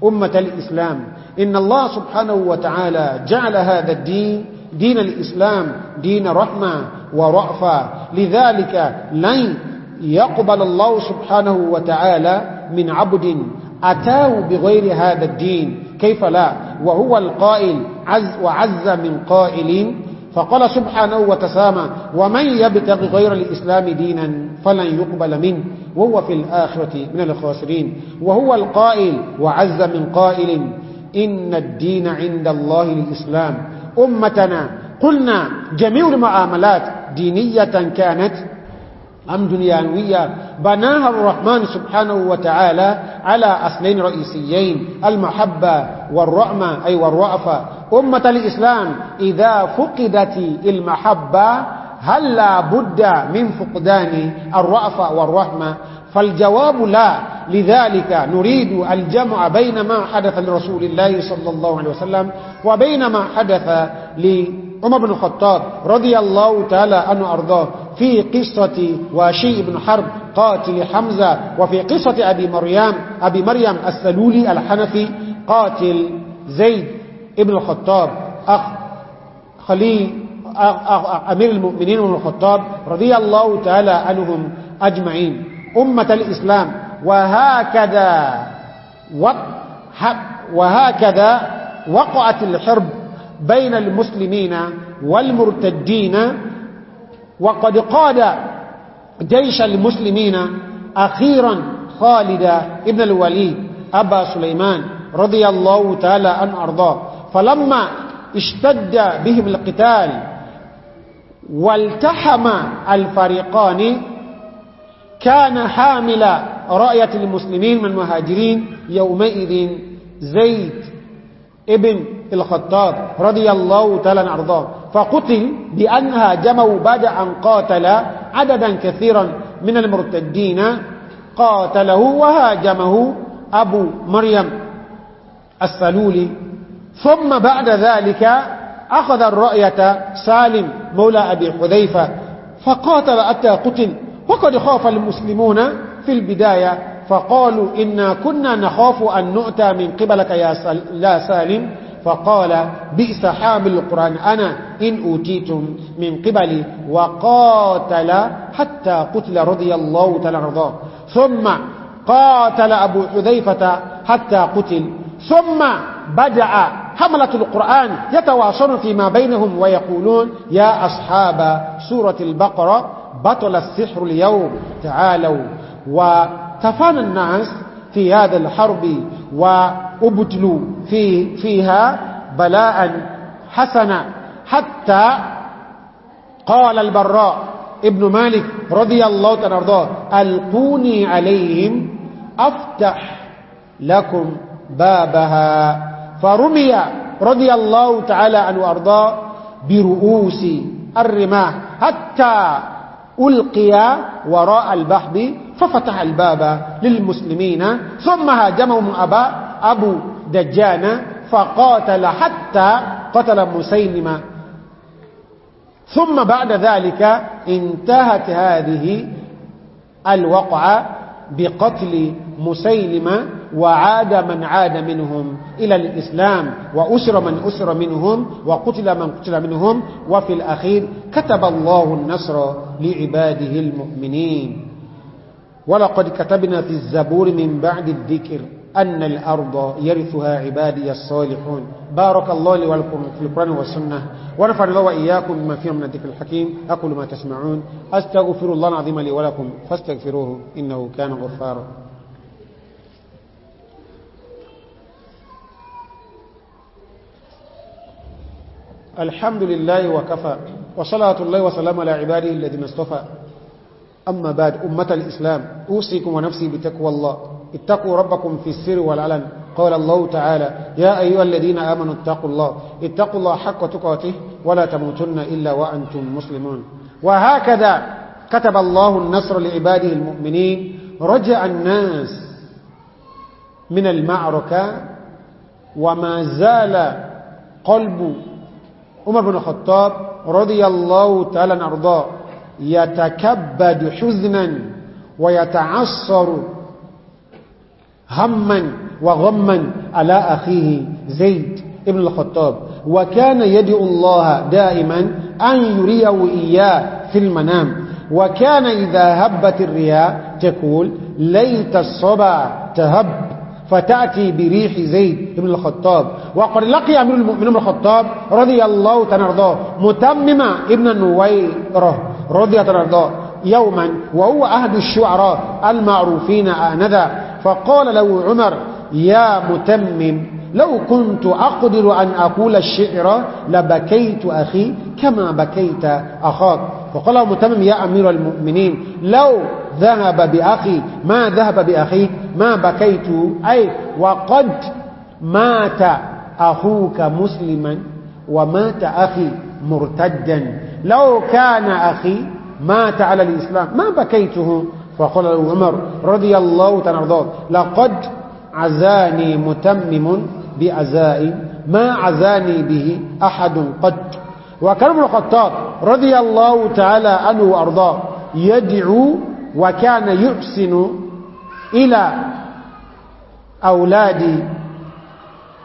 أمة الإسلام إن الله سبحانه وتعالى جعل هذا الدين دين الإسلام دين رحمة ورعفة لذلك لن يقبل الله سبحانه وتعالى من عبد أتاه بغير هذا الدين كيف لا وهو القائل عز وعز من قائل فقال سبحانه وتسامى ومن يبتغ غير الإسلام دينا فلن يقبل منه وهو في الآخرة من الخاسرين وهو القائل وعز من قائل إن الدين عند الله الإسلام أمتنا قلنا جميع المعاملات دينية كانت أم دنيوية بناها الرحمن سبحانه وتعالى على أصلين رئيسيين المحبة والرعمة أي والرعفة أمة الإسلام إذا فقدت المحبة هل لا بد من فقدان الرعفة والرحمة فالجواب لا لذلك نريد الجمع بين ما حدث لرسول الله صلى الله عليه وسلم وبين ما حدث لعمر بن الخطاب رضي الله تعالى عنه أرضاه في قصة واشي بن حرب قاتل حمزة وفي قصة أبي مريم, أبي مريم السلولي الحنفي قاتل زيد ابن الخطاب أخ خلي أمير المؤمنين بن الخطاب رضي الله تعالى عنهم أجمعين أمة الإسلام وهكذا وهكذا وقعت الحرب بين المسلمين والمرتدين وقد قاد جيش المسلمين أخيرا خالد ابن الوليد أبا سليمان رضي الله تعالى أن أرضاه فلما اشتد بهم القتال والتحم الفريقان كان حامل راية المسلمين من مهاجرين يومئذ زيد ابن الخطاب رضي الله تعالى عنه أرضاه فقتل بأنها جموا بعد أن قاتل عددا كثيرا من المرتدين قاتله وهاجمه أبو مريم السلولي ثم بعد ذلك أخذ الرأية سالم مولى أبي حذيفة فقاتل أتى قتل وقد خاف المسلمون في البداية فقالوا إنا كنا نخاف أن نؤتى من قبلك يا سالم فقال بئس حامل القرآن أنا إن أوتيتم من قبلي وقاتل حتى قتل رضي الله تعالى رضاه ثم قاتل أبو حذيفة حتى قتل ثم بدأ حملة القرآن يتواصل فيما بينهم ويقولون يا أصحاب سورة البقرة بطل السحر اليوم تعالوا وتفانى الناس في هذا الحرب وأبتلوا في فيها بلاء حسنا حتى قال البراء ابن مالك رضي الله تعالى عنه ألقوني عليهم أفتح لكم بابها فرمي رضي الله تعالى عنه وأرضاه برؤوس الرماح حتى ألقي وراء البحر ففتح الباب للمسلمين ثم هاجمهم أبا أبو دجان فقاتل حتى قتل مسيلمة ثم بعد ذلك انتهت هذه الوقعة بقتل مسيلمة وعاد من عاد منهم إلى الإسلام وأسر من أسر منهم وقتل من قتل منهم وفي الأخير كتب الله النصر لعباده المؤمنين ولقد كتبنا في الزبور من بعد الذكر أن الأرض يرثها عبادي الصالحون بارك الله لي ولكم في القرآن والسنة ونفعل الله وإياكم بما فيه من الذكر الحكيم أقول ما تسمعون أستغفر الله العظيم لي ولكم فاستغفروه إنه كان غفارا الحمد لله وكفى وصلاة الله وسلام على عباده الذين اصطفى أما بعد أمة الإسلام أوصيكم ونفسي بتقوى الله اتقوا ربكم في السر والعلن قال الله تعالى يا أيها الذين آمنوا اتقوا الله اتقوا الله حق تقاته ولا تموتن إلا وأنتم مسلمون وهكذا كتب الله النصر لعباده المؤمنين رجع الناس من المعركة وما زال قلب عمر بن الخطاب رضي الله تعالى أرضاه يتكبد حزنا ويتعصر هما وغما على أخيه زيد ابن الخطاب وكان يدعو الله دائما أن يريه إياه في المنام وكان إذا هبت الرياء تقول ليت الصبع تهب فتأتي بريح زيد بن الخطاب وقد لقي أمير المؤمنين بن الخطاب رضي الله تنرضاه متممة ابن النويرة رضي تنرضاه يوما وهو أهد الشعراء المعروفين آنذا فقال له عمر يا متمم لو كنت أقدر أن أقول الشعر لبكيت أخي كما بكيت أخاك فقال متمم يا أمير المؤمنين لو ذهب بأخي ما ذهب بأخيك ما بكيت أي وقد مات أخوك مسلما ومات أخي مرتدا لو كان أخي مات على الإسلام ما بكيته فقال عمر رضي الله تنرضاه لقد عزاني متمم بعزاء ما عزاني به أحد قد وكان ابن الخطاب رضي الله تعالى عنه وأرضاه يدعو وكان يحسن إلى أولاد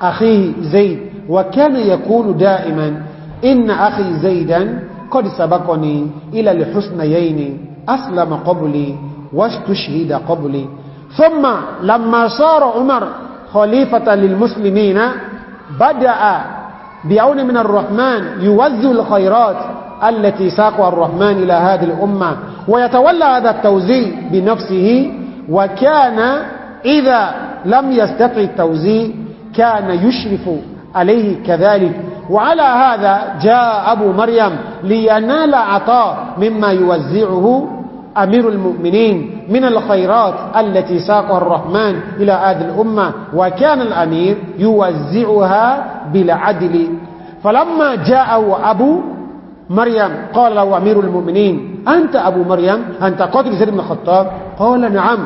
أخيه زيد وكان يقول دائما إن أخي زيدا قد سبقني إلى الحسنيين أسلم قبلي واستشهد قبلي ثم لما صار عمر خليفة للمسلمين بدأ بعون من الرحمن يوزع الخيرات التي ساقها الرحمن إلى هذه الأمة ويتولى هذا التوزيع بنفسه وكان إذا لم يستطع التوزيع كان يشرف عليه كذلك وعلى هذا جاء أبو مريم لينال عطاء مما يوزعه أمير المؤمنين من الخيرات التي ساقها الرحمن إلى هذه الأمة وكان الأمير يوزعها بالعدل فلما جاء أبو مريم قال له أمير المؤمنين أنت أبو مريم أنت قاتل زيد بن الخطاب قال نعم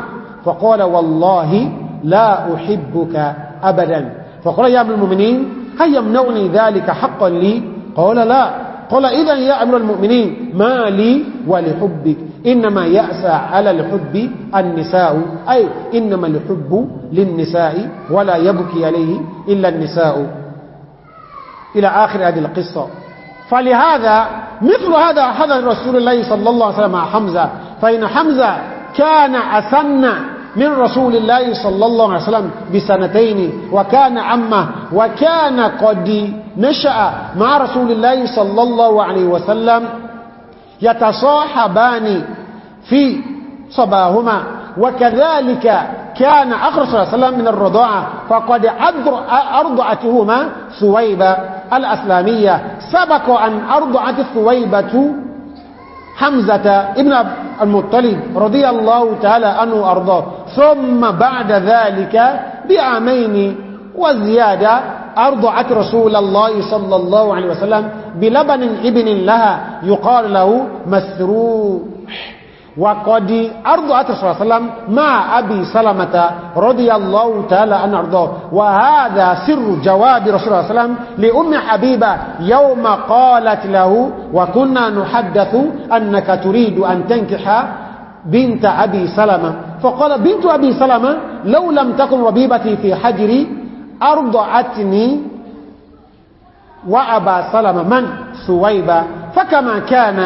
فقال والله لا أحبك أبدا فقال يا أمير المؤمنين هل يمنعني ذلك حقا لي قال لا قال إذا يا أمير المؤمنين ما لي ولحبك إنما يأسى على الحب النساء أي إنما الحب للنساء ولا يبكي عليه إلا النساء إلى آخر هذه القصة فلهذا مثل هذا حدث رسول الله صلى الله عليه وسلم مع حمزة فإن حمزة كان أسن من رسول الله صلى الله عليه وسلم بسنتين وكان عمه وكان قد نشأ مع رسول الله صلى الله عليه وسلم يتصاحبان في صباهما وكذلك كان أخر صلى الله عليه وسلم من الرضاعة فقد أرضعتهما ثويبة الأسلامية سبق أن أرضعت ثويبة حمزة ابن المطلب رضي الله تعالى عنه أرضاه ثم بعد ذلك بعامين وزيادة أرضعت رسول الله صلى الله عليه وسلم بلبن ابن لها يقال له مسروح وقد أرضعت رسول الله صلى الله عليه وسلم مع أبي سلمة رضي الله تعالى عنه أرضاه وهذا سر جواب رسول الله صلى الله عليه وسلم لأم حبيبة يوم قالت له وكنا نحدث أنك تريد أن تنكح بنت أبي سلمة فقال بنت أبي سلمة لو لم تكن ربيبتي في حجري أرضعتني وأبا سلمة من سويبة فكما كان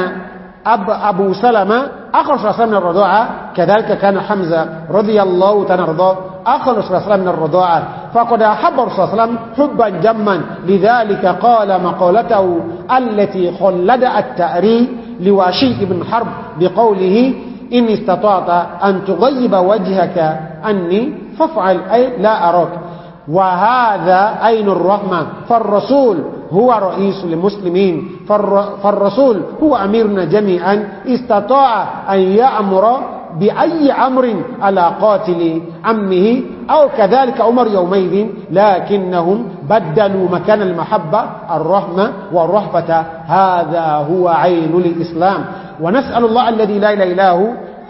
أب أبو سلمة أخرج رسول من الرضاعة كذلك كان حمزة رضي الله تنرضاه أخرج رسول من الرضاعة فقد أحب رسول حبا جما لذلك قال مقالته التي خلد التأري لواشي بن حرب بقوله إن استطعت أن تغيب وجهك عني فافعل أي لا أراك وهذا عين الرحمة فالرسول هو رئيس المسلمين فالرسول هو أميرنا جميعا استطاع أن يأمر بأي أمر على قاتل عمه أو كذلك عمر يومئذ لكنهم بدلوا مكان المحبة الرحمة والرحفة هذا هو عين الإسلام ونسأل الله الذي لا إله إلا هو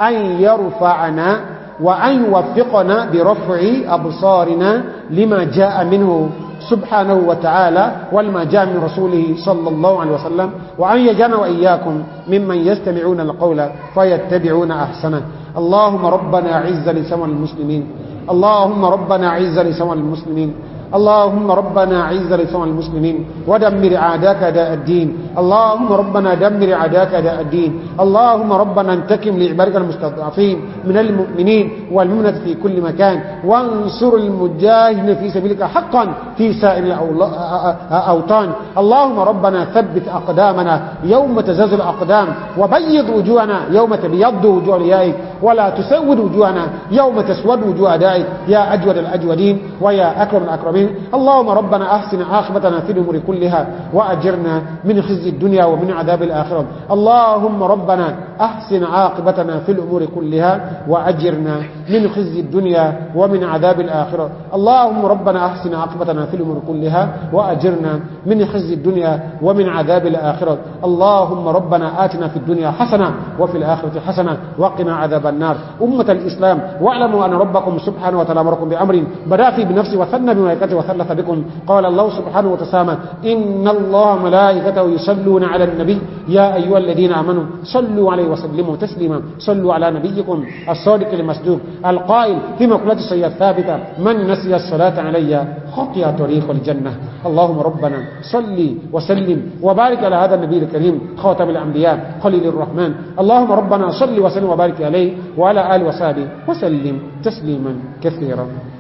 أن يرفعنا وأن يوفقنا برفع أبصارنا لما جاء منه سبحانه وتعالى والما جاء من رسوله صلى الله عليه وسلم وأن يجعلنا وإياكم ممن يستمعون القول فيتبعون أحسنه اللهم ربنا عز لسوى المسلمين اللهم ربنا عز لسوى المسلمين اللهم ربنا عز لسان المسلمين ودمر عاداك داء الدين اللهم ربنا دمر عاداك داء الدين اللهم ربنا انتكم لعبادك المستضعفين من المؤمنين والمؤمنة في كل مكان وانصر المجاهدين في سبيلك حقا في سائر الأوطان اللهم ربنا ثبت أقدامنا يوم تزاز الأقدام وبيض وجوهنا يوم تبيض وجوه ليائك ولا تسود وجوهنا يوم تسود وجوه دائك يا أجود الأجودين ويا أكرم الأكرمين العالمين اللهم ربنا أحسن عاقبتنا في الأمور كلها وأجرنا من خزي الدنيا ومن عذاب الآخرة اللهم ربنا أحسن عاقبتنا في الأمور كلها وأجرنا من خزي الدنيا ومن عذاب الآخرة اللهم ربنا أحسن عاقبتنا في الأمور كلها وأجرنا من خزي الدنيا ومن عذاب الآخرة اللهم ربنا آتنا في الدنيا حسنة وفي الآخرة حسنة وقنا عذاب النار أمة الإسلام واعلموا أن ربكم سبحانه وتعالى أمركم بأمر بدأ في بنفسه وثنى بملائكته وثلث بكم قال الله سبحانه وتسامى إن الله ملائكته يصلون على النبي يا أيها الذين آمنوا صلوا عليه وسلموا تسليما صلوا على نبيكم الصادق المصدوق القائل في مقولة السيئة الثابتة من نسي الصلاة علي خطي طريق الجنة اللهم ربنا صلي وسلم وبارك على هذا النبي الكريم خاتم الأنبياء خليل الرحمن اللهم ربنا صلي وسلم وبارك عليه وعلى آل وسابه وسلم تسليما كثيرا